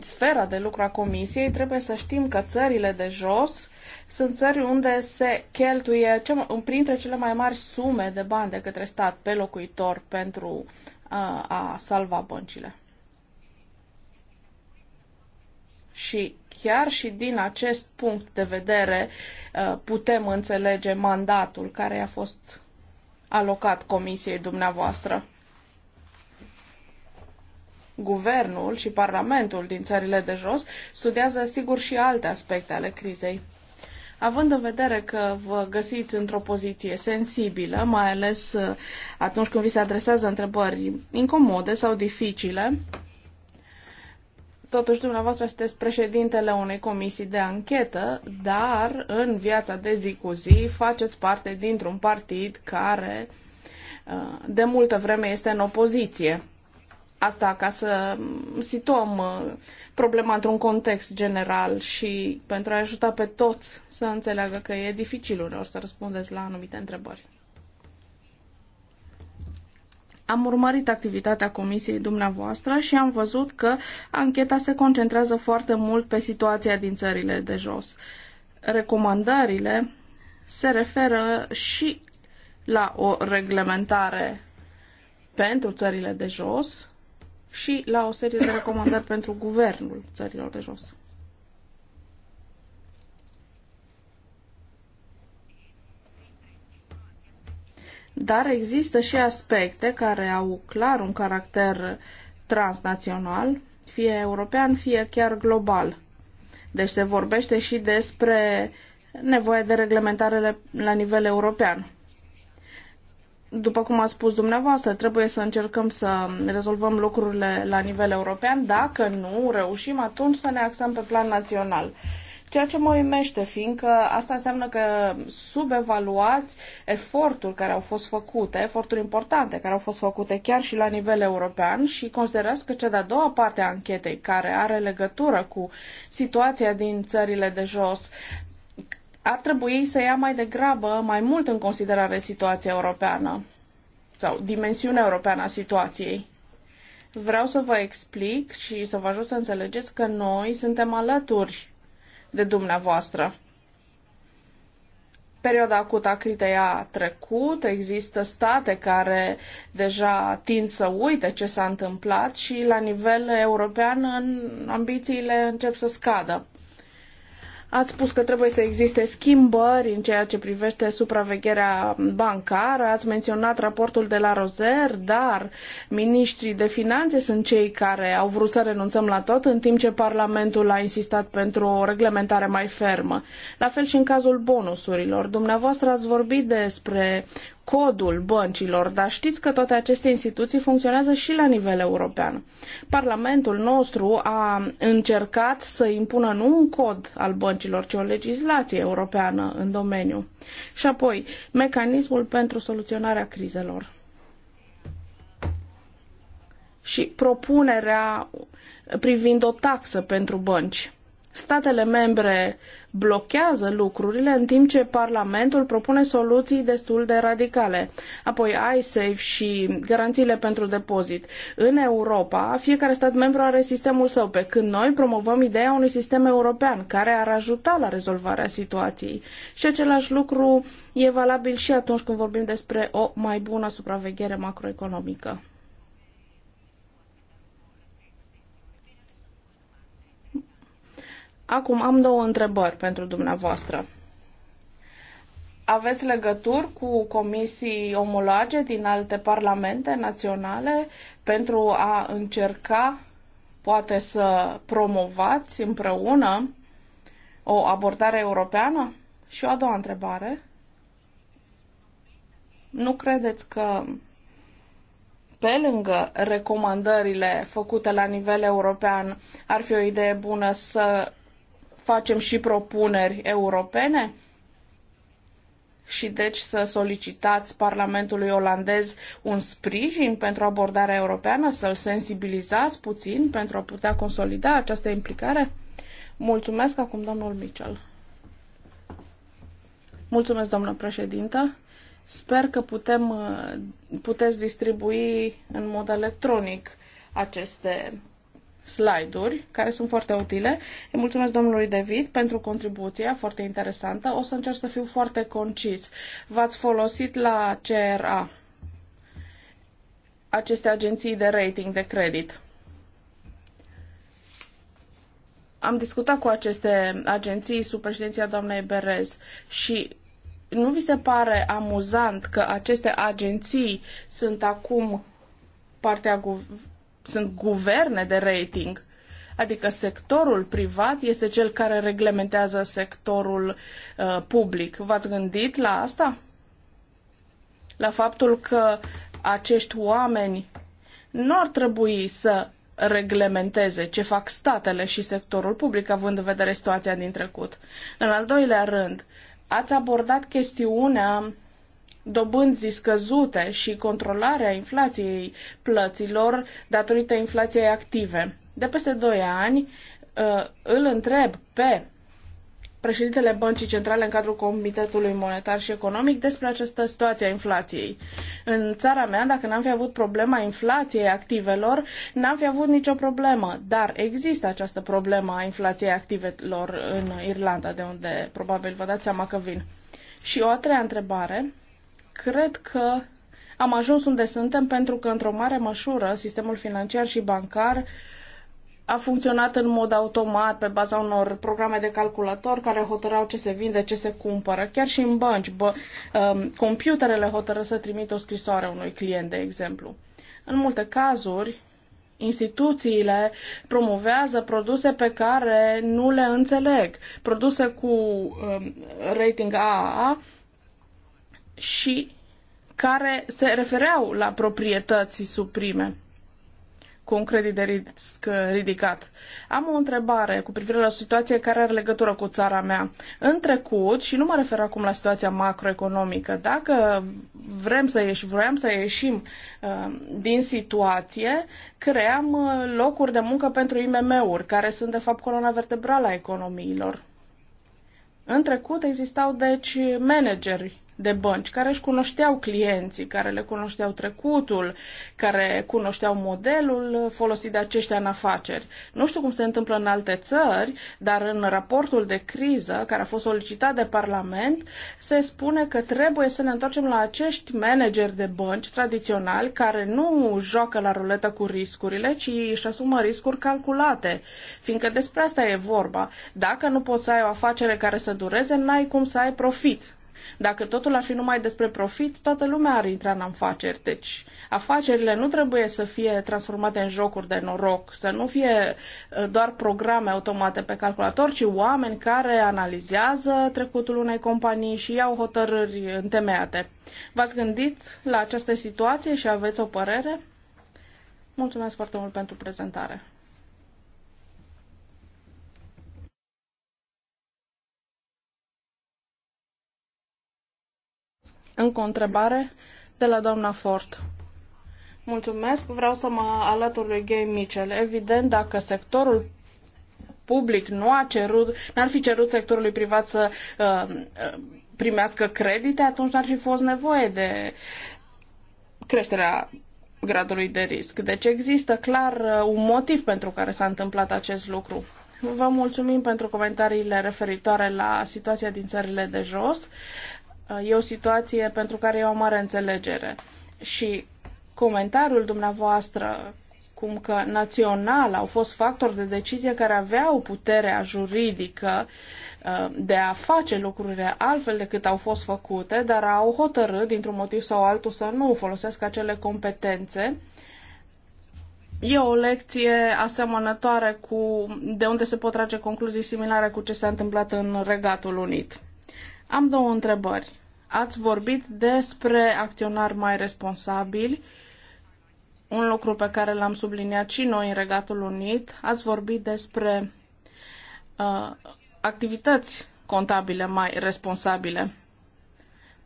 sfera de lucru a Comisiei, trebuie să știm că țările de jos sunt țări unde se cheltuie ce, printre cele mai mari sume de bani de către stat pe locuitor pentru uh, a salva băncile. Și chiar și din acest punct de vedere uh, putem înțelege mandatul care a fost alocat Comisiei dumneavoastră guvernul și parlamentul din țările de jos studiază sigur și alte aspecte ale crizei. Având în vedere că vă găsiți într-o poziție sensibilă, mai ales uh, atunci când vi se adresează întrebări incomode sau dificile, Totuși, dumneavoastră sunteți președintele unei comisii de anchetă, dar în viața de zi cu zi faceți parte dintr-un partid care uh, de multă vreme este în opoziție Asta ca să situăm uh, problema într-un context general și pentru a ajuta pe toți să înțeleagă că e dificil uneori să răspundeți la anumite întrebări. Am urmărit activitatea comisiei dumneavoastră și am văzut că ancheta se concentrează foarte mult pe situația din țările de jos. Recomandările se referă și la o reglementare pentru țările de jos, și la o serie de recomandări pentru guvernul țărilor de jos. Dar există și aspecte care au clar un caracter transnațional, fie european, fie chiar global. Deci se vorbește și despre nevoia de reglementare la nivel european după cum a spus dumneavoastră, trebuie să încercăm să rezolvăm lucrurile la nivel european. Dacă nu reușim, atunci să ne axăm pe plan național. Ceea ce mă uimește, fiindcă asta înseamnă că subevaluați eforturi care au fost făcute, eforturi importante care au fost făcute chiar și la nivel european și considerați că cea de-a doua parte a anchetei, care are legătură cu situația din țările de jos, ar trebui să ia mai degrabă, mai mult în considerare situația europeană sau dimensiunea europeană a situației. Vreau să vă explic și să vă ajut să înțelegeți că noi suntem alături de dumneavoastră. Perioada acută a critei a trecut, există state care deja tind să uite ce s-a întâmplat și la nivel european ambițiile încep să scadă. Ați spus că trebuie să existe schimbări în ceea ce privește supravegherea bancară, ați menționat raportul de la Rozer, dar ministrii de finanțe sunt cei care au vrut să renunțăm la tot, în timp ce Parlamentul a insistat pentru o reglementare mai fermă. La fel și în cazul bonusurilor. Dumneavoastră ați vorbit despre codul băncilor, dar știți că toate aceste instituții funcționează și la nivel european. Parlamentul nostru a încercat să impună nu un cod al băncilor, ci o legislație europeană în domeniu. Și apoi, mecanismul pentru soluționarea crizelor și propunerea privind o taxă pentru bănci statele membre blochează lucrurile, în timp ce Parlamentul propune soluții destul de radicale. Apoi iSafe și garanțiile pentru depozit. În Europa, fiecare stat membru are sistemul său, pe când noi promovăm ideea unui sistem european care ar ajuta la rezolvarea situației. Și același lucru e valabil și atunci când vorbim despre o mai bună supraveghere macroeconomică. Acum am două întrebări pentru dumneavoastră. Aveți legături cu comisii omologe din alte parlamente naționale pentru a încerca poate să promovați împreună o abordare europeană? Și o a doua întrebare. Nu credeți că pe lângă recomandările făcute la nivel european, ar fi o idee bună să facem și propuneri europene? și deci să solicitați Parlamentului olandez un sprijin pentru abordarea europeană, să-l sensibilizați puțin pentru a putea consolida această implicare? Mulțumesc acum, domnul Mitchell. Mulțumesc, doamnă președintă. Sper că putem, uh, puteți distribui în mod electronic aceste slide-uri care sunt foarte utile. Îi mulțumesc domnului David pentru contribuția foarte interesantă. O să încerc să fiu foarte concis. V-ați folosit la CRA aceste agenții de rating de credit. Am discutat cu aceste agenții sub președinția doamnei Berez și nu vi se pare amuzant că aceste agenții sunt acum partea guvernului sunt guverne de rating. Adică sectorul privat este cel care reglementează sectorul uh, public. V-ați gândit la asta? La faptul că acești oameni nu ar trebui să reglementeze ce fac statele și sectorul public, având în vedere situația din trecut. În al doilea rând, ați abordat chestiunea dobânzii scăzute și controlarea inflației plăților datorită inflației active. De peste 2 ani uh, îl întreb pe președintele Băncii Centrale în cadrul Comitetului Monetar și Economic despre această situație a inflației. În țara mea, dacă n-am fi avut problema inflației activelor, n-am fi avut nicio problemă, dar există această problemă a inflației activelor în Irlanda, de unde probabil vă dați seama că vin. Și o a treia întrebare Cred că am ajuns unde suntem pentru că, într-o mare măsură, sistemul financiar și bancar a funcționat în mod automat pe baza unor programe de calculator care hotărau ce se vinde, ce se cumpără. Chiar și în bănci, bă, um, computerele hotără să trimită o scrisoare unui client, de exemplu. În multe cazuri, instituțiile promovează produse pe care nu le înțeleg. Produse cu um, rating AAA și care se refereau la proprietăți suprime cu un credit de risc ridicat. Am o întrebare cu privire la situația situație care are legătură cu țara mea. În trecut, și nu mă refer acum la situația macroeconomică, dacă vrem să ieșim, vroiam să ieșim uh, din situație, cream uh, locuri de muncă pentru IMM-uri, care sunt de fapt coloana vertebrală a economiilor. În trecut existau deci manageri de bănci care își cunoșteau clienții, care le cunoșteau trecutul, care cunoșteau modelul folosit de aceștia în afaceri. Nu știu cum se întâmplă în alte țări, dar în raportul de criză care a fost solicitat de Parlament se spune că trebuie să ne întoarcem la acești manageri de bănci tradiționali care nu joacă la ruletă cu riscurile, ci își asumă riscuri calculate, fiindcă despre asta e vorba. Dacă nu poți să ai o afacere care să dureze, n-ai cum să ai profit. Dacă totul ar fi numai despre profit, toată lumea ar intra în afaceri. Deci, afacerile nu trebuie să fie transformate în jocuri de noroc, să nu fie uh, doar programe automate pe calculator, ci oameni care analizează trecutul unei companii și iau hotărâri întemeiate. V-ați gândit la această situație și aveți o părere? Mulțumesc foarte mult pentru prezentare. Încă o întrebare de la doamna Ford. Mulțumesc, vreau să mă alătur lui Gay Mitchell. Evident, dacă sectorul public nu a cerut, n-ar fi cerut sectorului privat să uh, uh primească credite, atunci n ar fi fost nevoie de creșterea gradului de risc. Deci există clar uh, un motiv pentru care s-a întâmplat acest lucru. Vă mulțumim pentru comentariile referitoare la situația din țările de jos. Uh, e o situație pentru care eu o mare înțelegere. Și comentariul dumneavoastră cum că național au fost factori de decizie care aveau puterea juridică uh, de a face lucrurile altfel decât au fost făcute, dar au hotărât dintr-un motiv sau altul să nu folosească acele competențe. E o lecție asemănătoare cu de unde se pot trage concluzii similare cu ce s-a întâmplat în Regatul Unit. Am două întrebări. Ați vorbit despre acționari mai responsabili, un lucru pe care l-am subliniat și noi în Regatul Unit. Ați vorbit despre uh, activități contabile mai responsabile.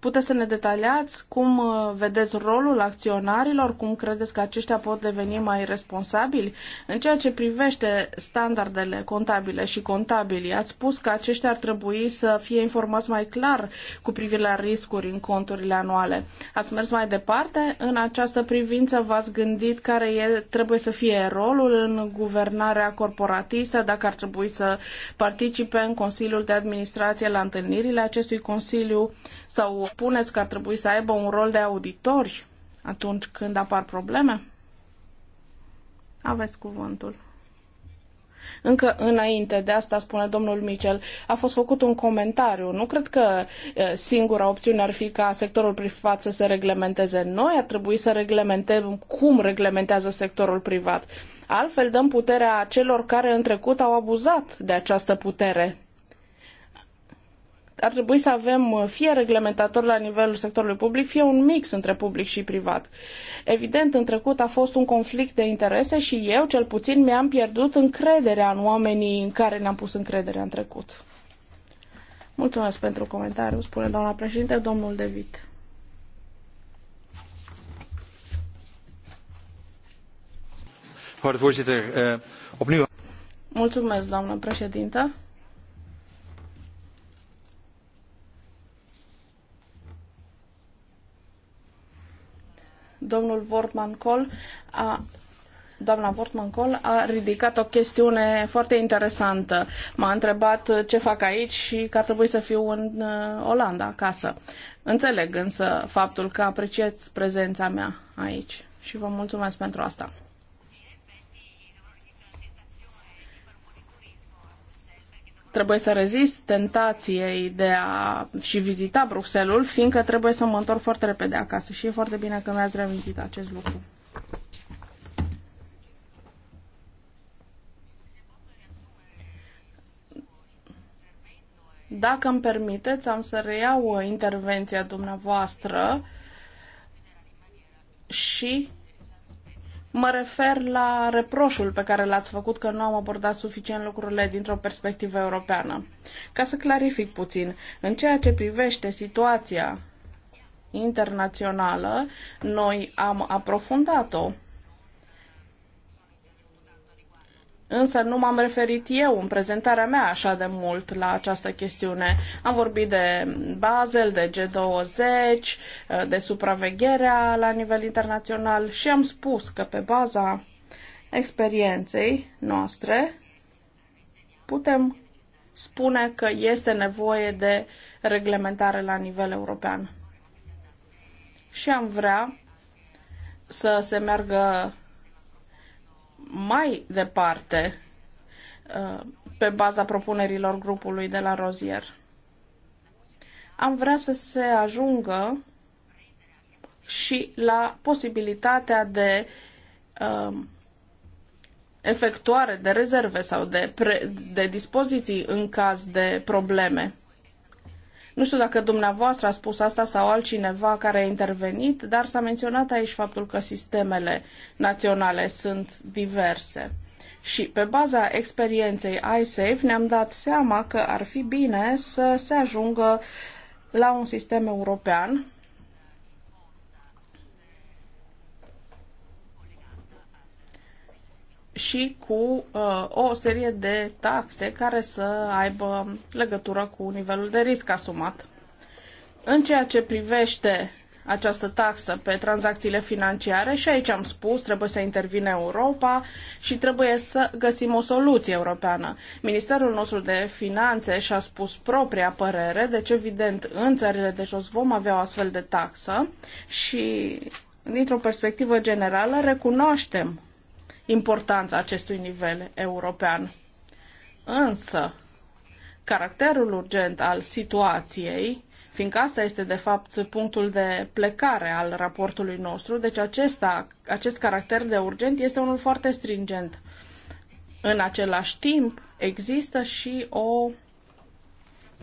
Puteți să ne detaliați cum uh, vedeți rolul acționarilor, cum credeți că aceștia pot deveni mai responsabili? În ceea ce privește standardele contabile și contabili, ați spus că aceștia ar trebui să fie informați mai clar cu privire la riscuri în conturile anuale. Ați mers mai departe? În această privință v-ați gândit care e, trebuie să fie rolul în guvernarea corporatistă, dacă ar trebui să participe în Consiliul de Administrație la întâlnirile acestui Consiliu sau spuneți că ar trebui să aibă un rol de auditori atunci când apar probleme? Aveți cuvântul. Încă înainte de asta, spune domnul Michel, a fost făcut un comentariu. Nu cred că singura opțiune ar fi ca sectorul privat să se reglementeze. Noi ar trebui să reglementăm cum reglementează sectorul privat. Altfel dăm puterea celor care în trecut au abuzat de această putere ar trebui să avem uh, fie reglementator la nivelul sectorului public, fie un mix între public și privat. Evident, în trecut a fost un conflict de interese și eu, cel puțin, mi-am pierdut încrederea în oamenii în care ne-am pus încrederea în trecut. Mulțumesc pentru comentariu, spune doamna președinte, domnul David. Eh, Mulțumesc, doamnă președintă. Domnul Wortman Col a doamna Wortman-Col a ridicat o chestiune foarte interesantă. M-a întrebat uh, ce fac aici și că ar trebui să fiu în uh, Olanda, acasă. Înțeleg însă faptul că apreciați prezența mea aici și vă mulțumesc pentru asta. trebuie să rezist tentației de a și vizita Bruxelles, fiindcă trebuie să mă întorc foarte repede acasă și e foarte bine că mi-ați reamintit acest lucru. Dacă îmi permiteți, am să reiau intervenția dumneavoastră și Mă refer la reproșul pe care l-ați făcut că nu am abordat suficient lucrurile dintr-o perspectivă europeană. Ca să clarific puțin, în ceea ce privește situația internațională, noi am aprofundat-o Însă nu m-am referit eu în prezentarea mea așa de mult la această chestiune. Am vorbit de Basel, de G20, de supravegherea la nivel internațional și am spus că pe baza experienței noastre putem spune că este nevoie de reglementare la nivel european. Și am vrea să se meargă mai departe uh, pe baza propunerilor grupului de la Rozier. Am vrea să se ajungă și la posibilitatea de uh, efectuare de rezerve sau de, pre, de dispoziții în caz de probleme. Nu știu dacă dumneavoastră a spus asta sau altcineva care a intervenit, dar s-a menționat aici faptul că sistemele naționale sunt diverse. Și pe baza experienței iSafe ne-am dat seama că ar fi bine să se ajungă la un sistem european și cu uh, o serie de taxe care să aibă legătură cu nivelul de risc asumat. În ceea ce privește această taxă pe tranzacțiile financiare și aici am spus, trebuie să intervine Europa și trebuie să găsim o soluție europeană. Ministerul nostru de Finanțe și-a spus propria părere, deci evident în țările de jos vom avea o astfel de taxă și dintr-o perspectivă generală recunoaștem importanța acestui nivel european. Însă, caracterul urgent al situației, fiindcă asta este de fapt punctul de plecare al raportului nostru, deci acesta, acest caracter de urgent este unul foarte stringent. În același timp, există și o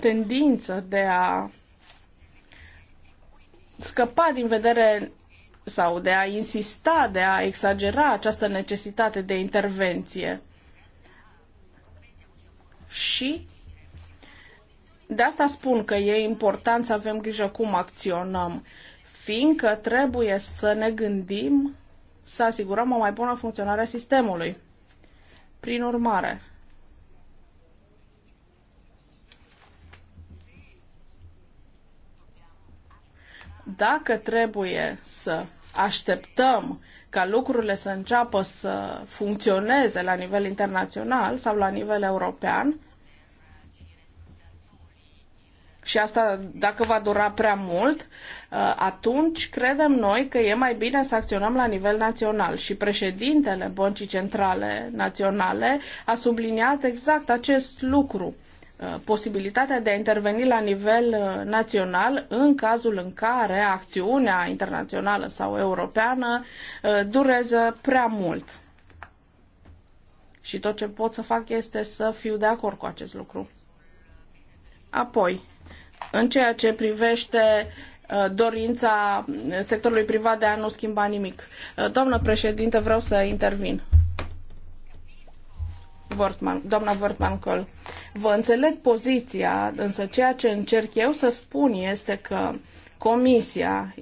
tendință de a scăpa din vedere sau de a insista, de a exagera această necesitate de intervenție. Și de asta spun că e important să avem grijă cum acționăm, fiindcă trebuie să ne gândim să asigurăm o mai bună funcționare a sistemului. Prin urmare, dacă trebuie să așteptăm ca lucrurile să înceapă să funcționeze la nivel internațional sau la nivel european, și asta dacă va dura prea mult, uh, atunci credem noi că e mai bine să acționăm la nivel național. Și președintele Băncii Centrale Naționale a subliniat exact acest lucru. Uh, posibilitatea de a interveni la nivel uh, național în cazul în care acțiunea internațională sau europeană uh, durează prea mult. Și tot ce pot să fac este să fiu de acord cu acest lucru. Apoi, în ceea ce privește dorința sectorului privat de a nu schimba nimic. Doamnă președinte, vreau să intervin. Wortman, doamna Wortman-Col. Vă înțeleg poziția, însă ceea ce încerc eu să spun este că Comisia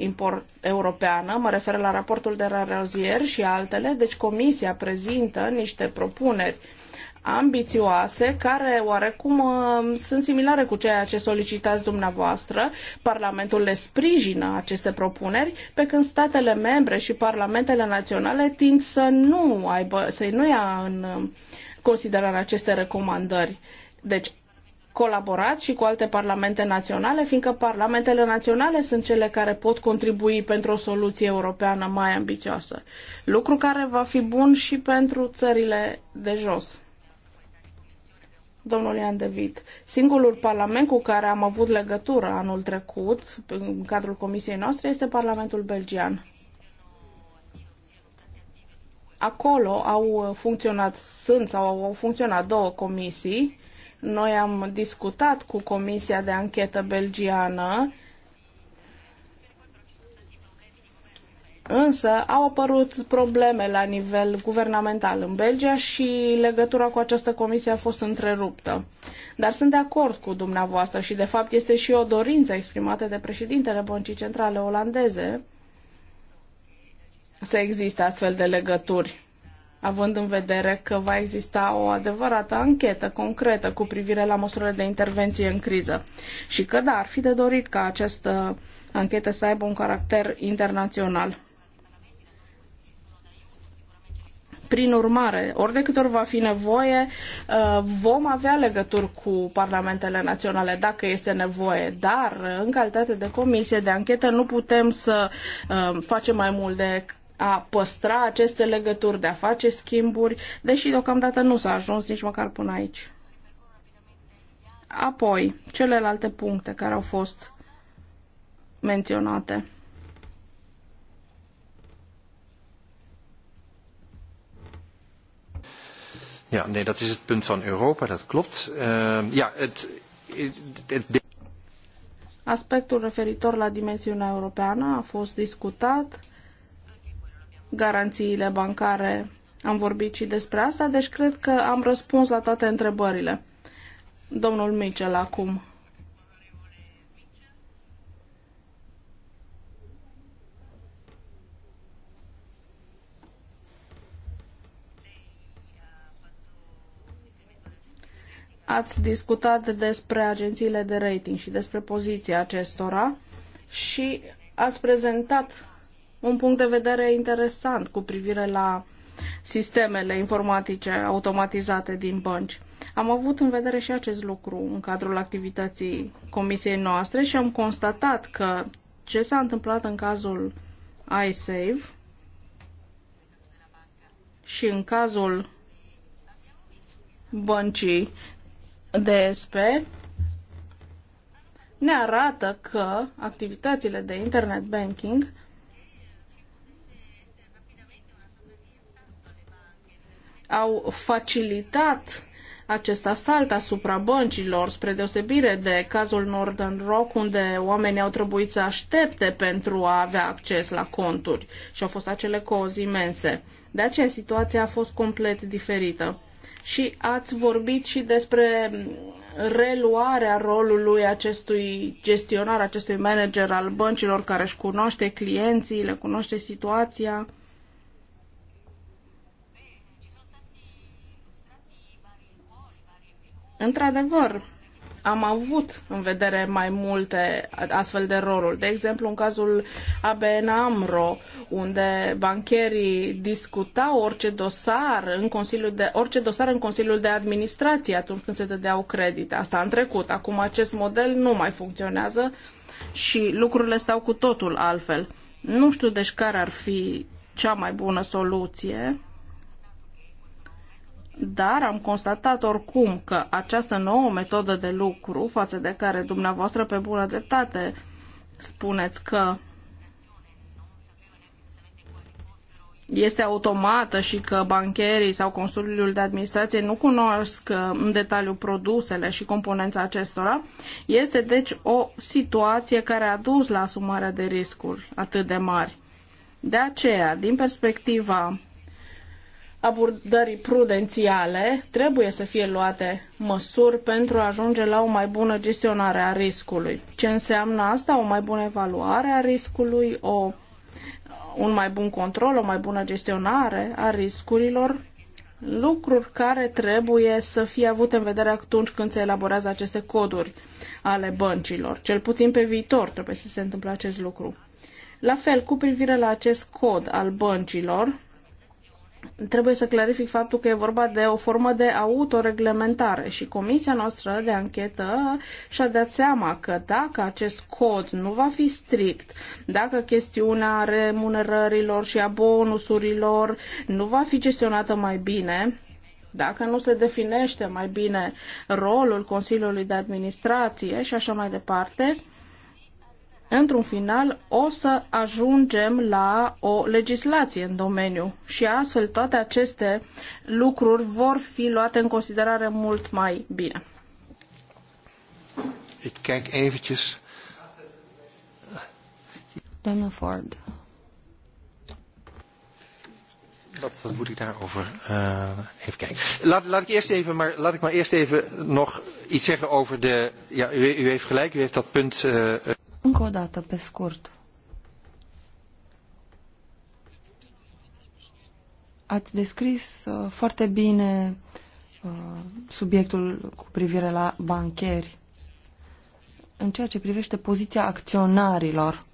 Europeană, mă refer la raportul de la Rozier și altele, deci Comisia prezintă niște propuneri ambițioase, care oarecum uh, sunt similare cu ceea ce solicitați dumneavoastră. Parlamentul le sprijină aceste propuneri, pe când statele membre și parlamentele naționale tind să nu aibă, să nu ia în considerare aceste recomandări. Deci, colaborați și cu alte parlamente naționale, fiindcă parlamentele naționale sunt cele care pot contribui pentru o soluție europeană mai ambițioasă. Lucru care va fi bun și pentru țările de jos domnul Ian David. Singurul parlament cu care am avut legătură anul trecut, în cadrul comisiei noastre, este Parlamentul Belgian. Acolo au funcționat, sunt sau au funcționat două comisii. Noi am discutat cu Comisia de Anchetă Belgiană, însă au apărut probleme la nivel guvernamental în Belgia și legătura cu această comisie a fost întreruptă. Dar sunt de acord cu dumneavoastră și, de fapt, este și o dorință exprimată de președintele Băncii Centrale Olandeze să existe astfel de legături, având în vedere că va exista o adevărată anchetă concretă cu privire la măsurile de intervenție în criză și că, da, ar fi de dorit ca această anchetă să aibă un caracter internațional. Prin urmare, ori de câte ori va fi nevoie, uh, vom avea legături cu parlamentele naționale dacă este nevoie, dar în calitate de comisie de anchetă nu putem să uh, facem mai mult de a păstra aceste legături, de a face schimburi, deși deocamdată nu s-a ajuns nici măcar până aici. Apoi, celelalte puncte care au fost menționate. Ja, nee, dat is het punt van Europa, dat klopt. Uh, ja, het, het, het... Aspectul referitor la dimensiunea europeană a fost discutat. Uh, garanțiile bancare. Am vorbit și despre asta, deci cred că am răspuns la toate întrebările. Domnul Michel, acum. Ați discutat despre agențiile de rating și despre poziția acestora și ați prezentat un punct de vedere interesant cu privire la sistemele informatice automatizate din bănci. Am avut în vedere și acest lucru în cadrul activității comisiei noastre și am constatat că ce s-a întâmplat în cazul iSave și în cazul băncii DSP ne arată că activitățile de internet banking au facilitat acest asalt asupra băncilor, spre deosebire de cazul Northern Rock, unde oamenii au trebuit să aștepte pentru a avea acces la conturi și au fost acele cozi imense. De aceea situația a fost complet diferită. Și ați vorbit și despre reluarea rolului acestui gestionar, acestui manager al băncilor care își cunoaște clienții, le cunoaște situația. Într-adevăr, am avut în vedere mai multe astfel de roluri. De exemplu, în cazul ABN AMRO, unde bancherii discutau orice dosar în Consiliul de, orice dosar în Consiliul de Administrație atunci când se dădeau credite. Asta în trecut. Acum acest model nu mai funcționează și lucrurile stau cu totul altfel. Nu știu deci care ar fi cea mai bună soluție dar am constatat oricum că această nouă metodă de lucru, față de care dumneavoastră pe bună dreptate spuneți că este automată și că bancherii sau Consiliul de Administrație nu cunosc uh, în detaliu produsele și componența acestora, este deci o situație care a dus la asumarea de riscuri atât de mari. De aceea, din perspectiva abordării prudențiale, trebuie să fie luate măsuri pentru a ajunge la o mai bună gestionare a riscului. Ce înseamnă asta? O mai bună evaluare a riscului, o, un mai bun control, o mai bună gestionare a riscurilor, lucruri care trebuie să fie avute în vedere atunci când se elaborează aceste coduri ale băncilor. Cel puțin pe viitor trebuie să se întâmple acest lucru. La fel, cu privire la acest cod al băncilor, trebuie să clarific faptul că e vorba de o formă de autoreglementare și comisia noastră de anchetă și-a dat seama că dacă acest cod nu va fi strict, dacă chestiunea remunerărilor și a bonusurilor nu va fi gestionată mai bine, dacă nu se definește mai bine rolul Consiliului de Administrație și așa mai departe, într-un final, o să ajungem la o legislație în domeniu și astfel toate aceste lucruri vor fi luate în considerare mult mai bine. Doamna Ford. Dat, dat moet ik daarover uh, even kijken? Laat, laat, ik eerst even, maar, laat ik maar eerst even nog iets zeggen over de... Ja, u, u heeft gelijk, u heeft dat punt... Uh, încă o dată, pe scurt. Ați descris uh, foarte bine uh, subiectul cu privire la bancheri. În ceea ce privește poziția acționarilor,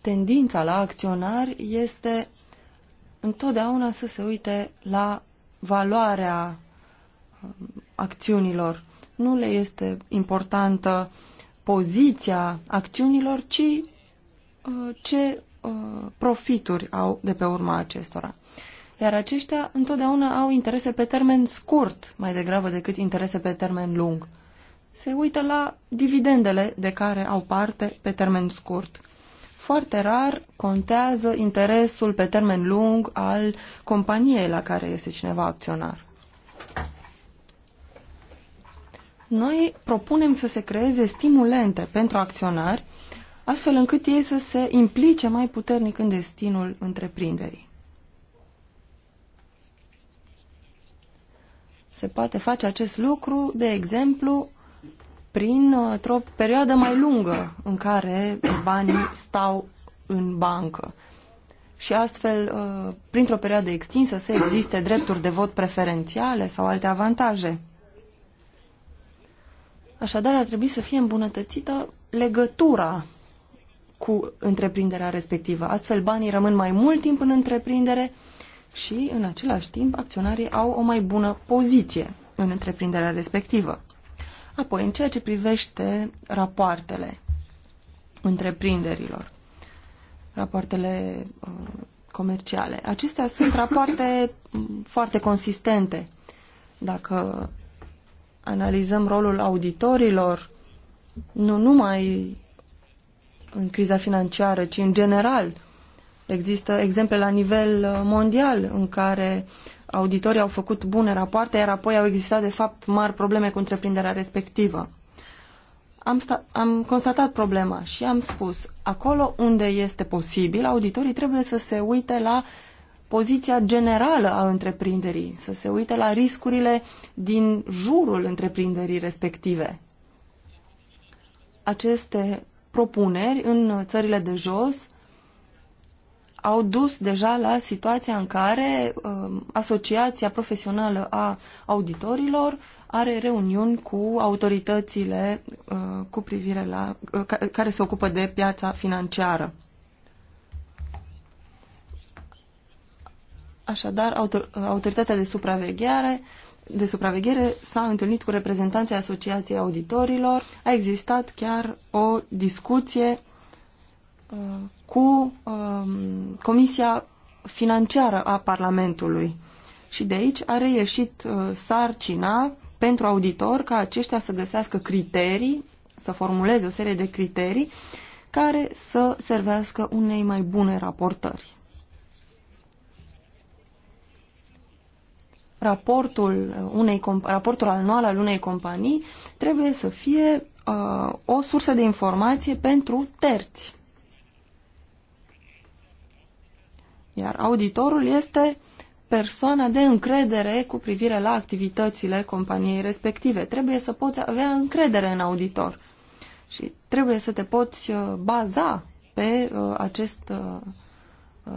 tendința la acționari este întotdeauna să se uite la valoarea um, acțiunilor nu le este importantă poziția acțiunilor, ci uh, ce uh, profituri au de pe urma acestora. Iar aceștia întotdeauna au interese pe termen scurt, mai degrabă decât interese pe termen lung. Se uită la dividendele de care au parte pe termen scurt. Foarte rar contează interesul pe termen lung al companiei la care este cineva acționar. Noi propunem să se creeze stimulente pentru acționari, astfel încât ei să se implice mai puternic în destinul întreprinderii. Se poate face acest lucru, de exemplu, printr-o perioadă mai lungă în care banii stau în bancă. Și astfel, uh, printr-o perioadă extinsă, să existe drepturi de vot preferențiale sau alte avantaje. Așadar, ar trebui să fie îmbunătățită legătura cu întreprinderea respectivă. Astfel, banii rămân mai mult timp în întreprindere și, în același timp, acționarii au o mai bună poziție în întreprinderea respectivă. Apoi, în ceea ce privește rapoartele întreprinderilor, rapoartele uh, comerciale, acestea sunt rapoarte mm, foarte consistente. Dacă analizăm rolul auditorilor, nu numai în criza financiară, ci în general. Există exemple la nivel uh, mondial în care auditorii au făcut bune rapoarte, iar apoi au existat, de fapt, mari probleme cu întreprinderea respectivă. Am, am constatat problema și am spus, acolo unde este posibil, auditorii trebuie să se uite la uh, poziția generală a întreprinderii, să se uite la riscurile din jurul întreprinderii respective. Aceste propuneri în țările de jos au dus deja la situația în care uh, Asociația Profesională a Auditorilor are reuniuni cu autoritățile uh, cu privire la, uh, care se ocupă de piața financiară. Așadar, autoritatea de supraveghere de supraveghere s-a întâlnit cu reprezentanții Asociației Auditorilor. A existat chiar o discuție uh, cu uh, Comisia Financiară a Parlamentului. Și de aici a reieșit uh, sarcina pentru auditor ca aceștia să găsească criterii, să formuleze o serie de criterii care să servească unei mai bune raportări. raportul, unei, raportul anual al unei companii trebuie să fie uh, o sursă de informație pentru terți. Iar auditorul este persoana de încredere cu privire la activitățile companiei respective. Trebuie să poți avea încredere în auditor și trebuie să te poți uh, baza pe uh, acest uh,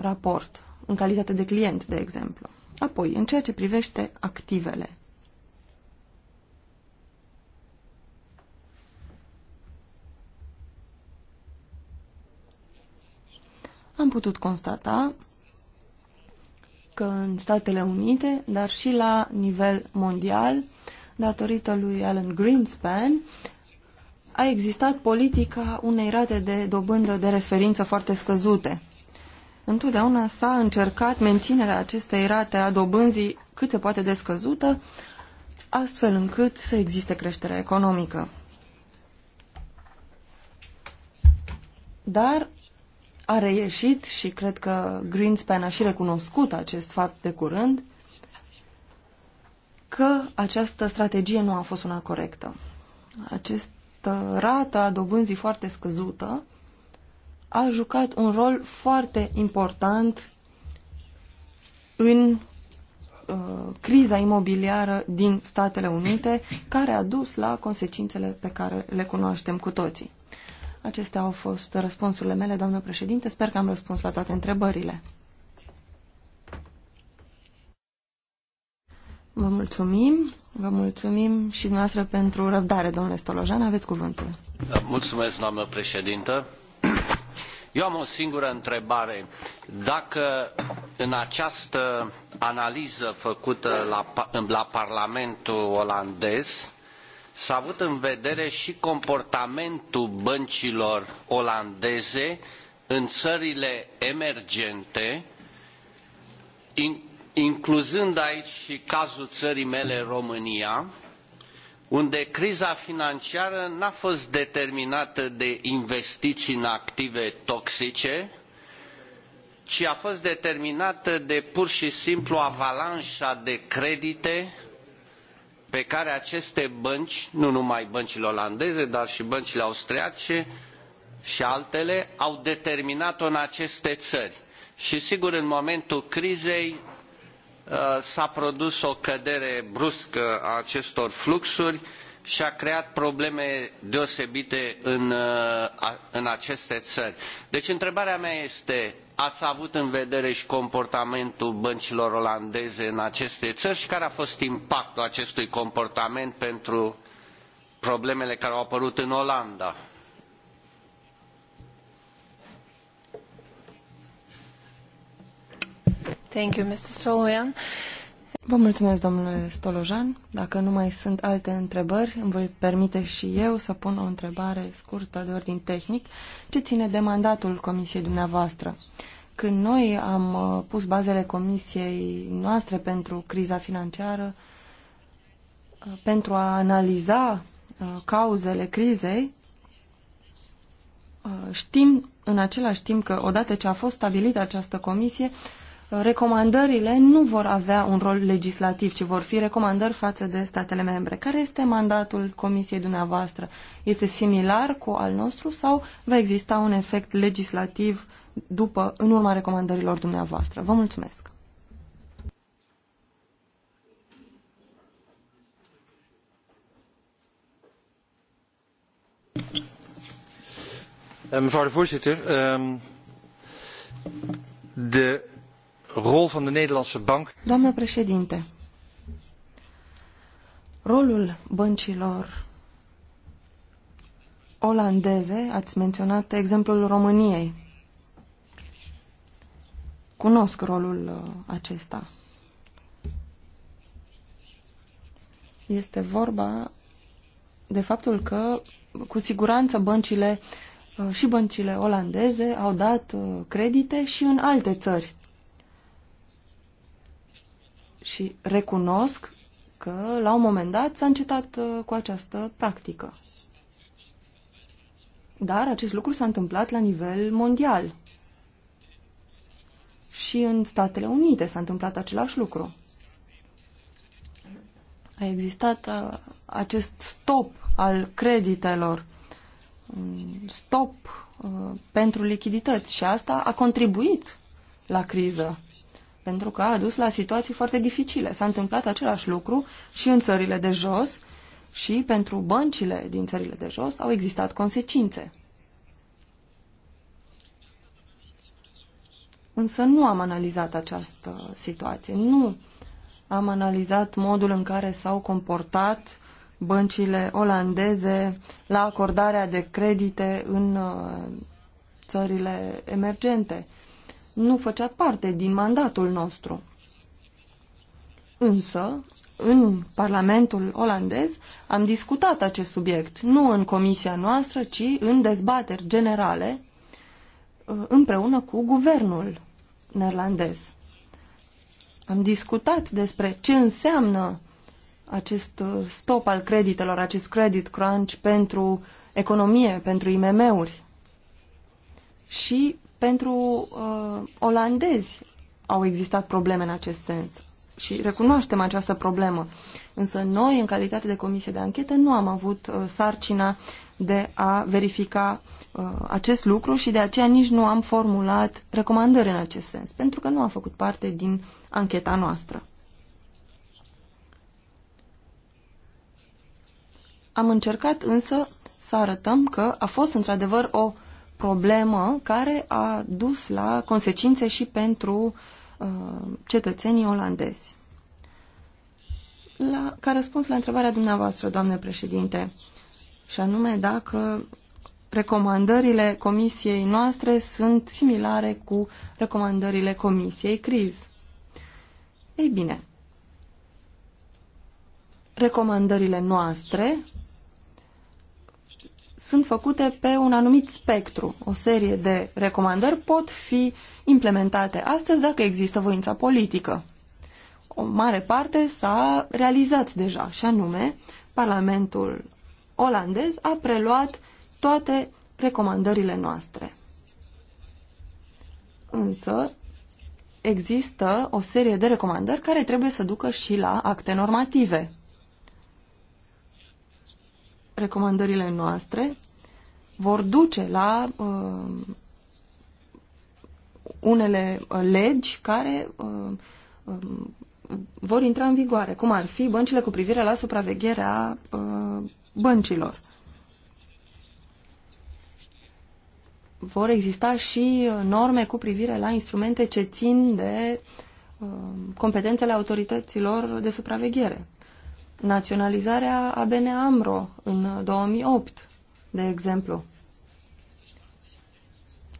raport în calitate de client, de exemplu. Apoi, în ceea ce privește activele. Am putut constata că în Statele Unite, dar și la nivel mondial, datorită lui Alan Greenspan, a existat politica unei rate de dobândă de referință foarte scăzute întotdeauna s-a încercat menținerea acestei rate a dobânzii cât se poate descăzută, astfel încât să existe creștere economică. Dar a reieșit și cred că Greenspan a și recunoscut acest fapt de curând, că această strategie nu a fost una corectă. Această rată a dobânzii foarte scăzută a jucat un rol foarte important în uh, criza imobiliară din Statele Unite, care a dus la consecințele pe care le cunoaștem cu toții. Acestea au fost răspunsurile mele, doamnă președinte. Sper că am răspuns la toate întrebările. Vă mulțumim. Vă mulțumim și dumneavoastră pentru răbdare, domnule Stolojan. Aveți cuvântul. Da, mulțumesc, doamnă președintă. Eu am o singură întrebare. Dacă în această analiză făcută la, la Parlamentul olandez s-a avut în vedere și comportamentul băncilor olandeze în țările emergente, in, incluzând aici și cazul țării mele România, unde criza financiară n-a fost determinată de investiții în active toxice, ci a fost determinată de pur și simplu avalanșa de credite pe care aceste bănci, nu numai băncile olandeze, dar și băncile austriace și altele, au determinat-o în aceste țări. Și sigur, în momentul crizei, Uh, s-a produs o cădere bruscă a acestor fluxuri și a creat probleme deosebite în, uh, în aceste țări. Deci întrebarea mea este, ați avut în vedere și comportamentul băncilor olandeze în aceste țări și care a fost impactul acestui comportament pentru problemele care au apărut în Olanda? Thank you, Mr. Stolojan. Vă mulțumesc, domnule Stolojan. Dacă nu mai sunt alte întrebări, îmi voi permite și eu să pun o întrebare scurtă de ordin tehnic ce ține de mandatul comisiei dumneavoastră. Când noi am uh, pus bazele comisiei noastre pentru criza financiară, uh, pentru a analiza uh, cauzele crizei, știm în același timp că odată ce a fost stabilită această comisie, recomandările nu vor avea un rol legislativ, ci vor fi recomandări față de statele membre. Care este mandatul comisiei dumneavoastră? Este similar cu al nostru sau va exista un efect legislativ după, în urma recomandărilor dumneavoastră? Vă mulțumesc! Eh, mevrouw de voorzitter, ehm, de rol van de Nederlandse bank. Doamnă președinte, rolul băncilor olandeze, ați menționat exemplul României. Cunosc rolul uh, acesta. Este vorba de faptul că, cu siguranță, băncile uh, și băncile olandeze au dat uh, credite și în alte țări și recunosc că la un moment dat s-a încetat uh, cu această practică. Dar acest lucru s-a întâmplat la nivel mondial. Și în Statele Unite s-a întâmplat același lucru. A existat uh, acest stop al creditelor, stop uh, pentru lichidități și asta a contribuit la criză pentru că a dus la situații foarte dificile. S-a întâmplat același lucru și în țările de jos și pentru băncile din țările de jos au existat consecințe. Însă nu am analizat această situație. Nu am analizat modul în care s-au comportat băncile olandeze la acordarea de credite în uh, țările emergente nu făcea parte din mandatul nostru. Însă, în Parlamentul olandez am discutat acest subiect, nu în comisia noastră, ci în dezbateri generale uh, împreună cu guvernul neerlandez. Am discutat despre ce înseamnă acest uh, stop al creditelor, acest credit crunch pentru economie, pentru IMM-uri. Și pentru uh, olandezi au existat probleme în acest sens și recunoaștem această problemă. Însă noi, în calitate de comisie de anchetă, nu am avut uh, sarcina de a verifica uh, acest lucru și de aceea nici nu am formulat recomandări în acest sens, pentru că nu a făcut parte din ancheta noastră. Am încercat însă să arătăm că a fost într-adevăr o uh, problemă care a dus la consecințe și pentru uh, cetățenii olandezi. La, ca răspuns la întrebarea dumneavoastră, doamne președinte, și anume dacă recomandările comisiei noastre sunt similare cu recomandările comisiei CRIZ. Ei bine, recomandările noastre sunt făcute pe un anumit spectru. O serie de recomandări pot fi implementate astăzi dacă există voința politică. O mare parte s-a realizat deja, și anume, Parlamentul olandez a preluat toate recomandările noastre. Însă, există o serie de recomandări care trebuie să ducă și la acte normative recomandările noastre vor duce la uh, unele uh, legi care uh, um, vor intra în vigoare, cum ar fi băncile cu privire la supravegherea uh, băncilor. Vor exista și uh, norme cu privire la instrumente ce țin de uh, competențele autorităților de supraveghere naționalizarea ABN AMRO în 2008, uh, de exemplu.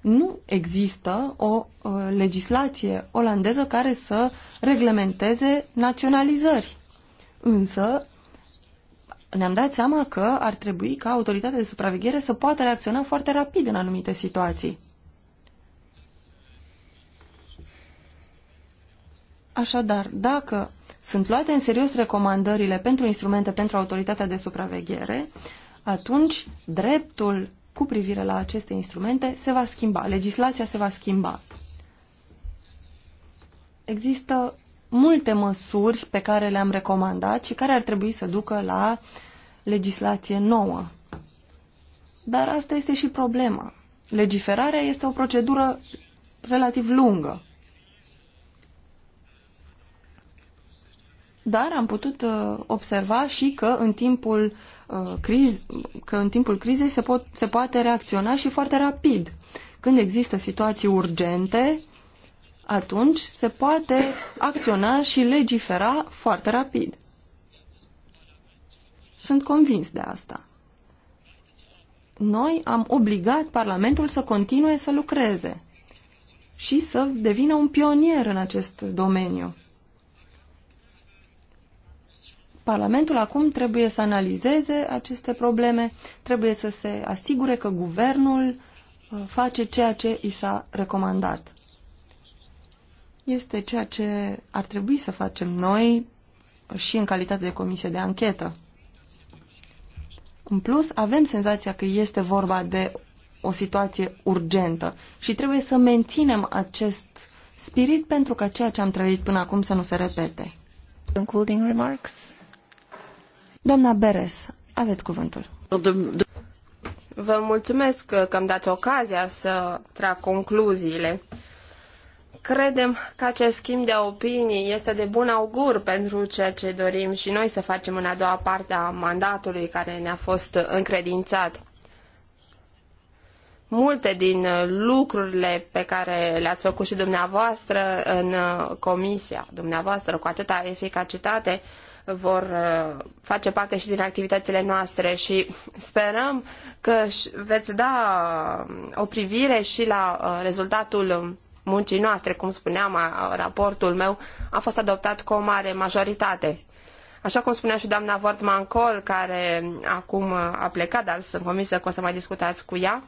Nu există o uh, legislație olandeză care să reglementeze naționalizări. Însă, ne-am dat seama că ar trebui ca autoritatea de supraveghere să poată reacționa foarte rapid în anumite situații. Așadar, dacă sunt luate în serios recomandările pentru instrumente pentru autoritatea de supraveghere, atunci dreptul cu privire la aceste instrumente se va schimba, legislația se va schimba. Există multe măsuri pe care le-am recomandat și care ar trebui să ducă la legislație nouă. Dar asta este și problema. Legiferarea este o procedură relativ lungă. dar am putut uh, observa și că în timpul, uh, criz, că în timpul crizei se, pot, se poate reacționa și foarte rapid. Când există situații urgente, atunci se poate acționa și legifera foarte rapid. Sunt convins de asta. Noi am obligat Parlamentul să continue să lucreze și să devină un pionier în acest domeniu. Parlamentul acum trebuie să analizeze aceste probleme, trebuie să se asigure că guvernul uh, face ceea ce i s-a recomandat. Este ceea ce ar trebui să facem noi și în calitate de comisie de anchetă. În plus, avem senzația că este vorba de o situație urgentă și trebuie să menținem acest spirit pentru ca ceea ce am trăit până acum să nu se repete. Concluding remarks. Doamna Beres, aveți cuvântul. Vă mulțumesc că îmi dați ocazia să trag concluziile. Credem că acest schimb de opinii este de bun augur pentru ceea ce dorim și noi să facem în a doua parte a mandatului care ne-a fost încredințat. Multe din lucrurile pe care le-ați făcut și dumneavoastră în comisia dumneavoastră cu atâta eficacitate vor uh, face parte și din activitățile noastre și sperăm că veți da um, o privire și la uh, rezultatul muncii noastre, cum spuneam, raportul meu a fost adoptat cu o mare majoritate. Așa cum spunea și doamna Vortman Col, care acum uh, a plecat, dar sunt convinsă că o să mai discutați cu ea,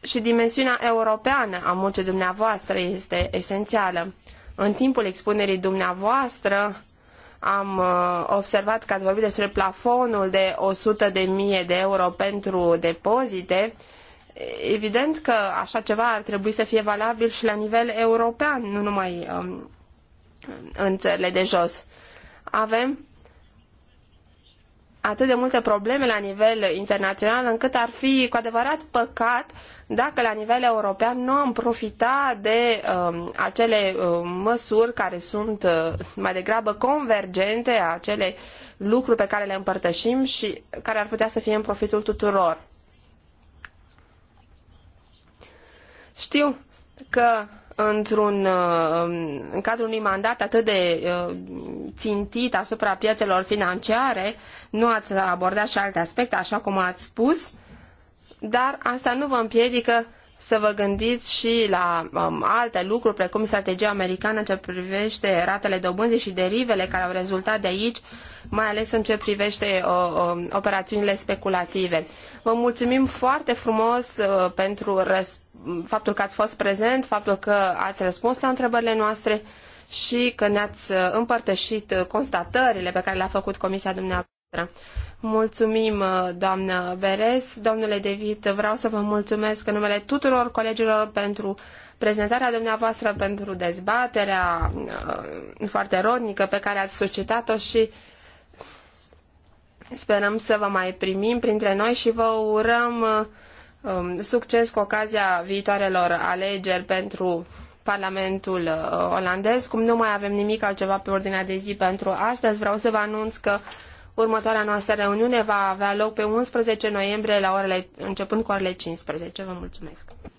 și dimensiunea europeană a muncii dumneavoastră este esențială. În timpul expunerii dumneavoastră am uh, observat că ați vorbit despre plafonul de 100 de mie de euro pentru depozite. Evident că așa ceva ar trebui să fie valabil și la nivel european, nu numai um, în țările de jos. Avem atât de multe probleme la nivel internațional încât ar fi cu adevărat păcat dacă la nivel european nu am profita de uh, acele uh, măsuri care sunt uh, mai degrabă convergente, acele lucruri pe care le împărtășim și care ar putea să fie în profitul tuturor. Știu că într-un, uh, în cadrul unui mandat atât de uh, țintit asupra piețelor financiare, nu ați abordat și alte aspecte, așa cum ați spus, dar asta nu vă împiedică să vă gândiți și la um, alte lucruri, precum strategia americană în ce privește ratele dobânzii și derivele care au rezultat de aici, mai ales în ce privește o, uh, um, operațiunile speculative. Vă mulțumim foarte frumos uh, pentru răspuns faptul că ați fost prezent, faptul că ați răspuns la întrebările noastre și că ne-ați uh, împărtășit uh, constatările pe care le-a făcut Comisia dumneavoastră. Mulțumim, uh, doamnă Beres. Domnule David. vreau să vă mulțumesc în numele tuturor colegilor pentru prezentarea dumneavoastră, pentru dezbaterea foarte rodnică pe care ați suscitat-o și sperăm să vă mai primim printre noi și vă urăm Um, succes cu ocazia viitoarelor alegeri pentru Parlamentul uh, olandez. Cum nu mai avem nimic altceva pe ordinea de zi pentru astăzi, vreau să vă anunț că următoarea noastră reuniune va avea loc pe 11 noiembrie la orele, începând cu orele 15. Vă mulțumesc!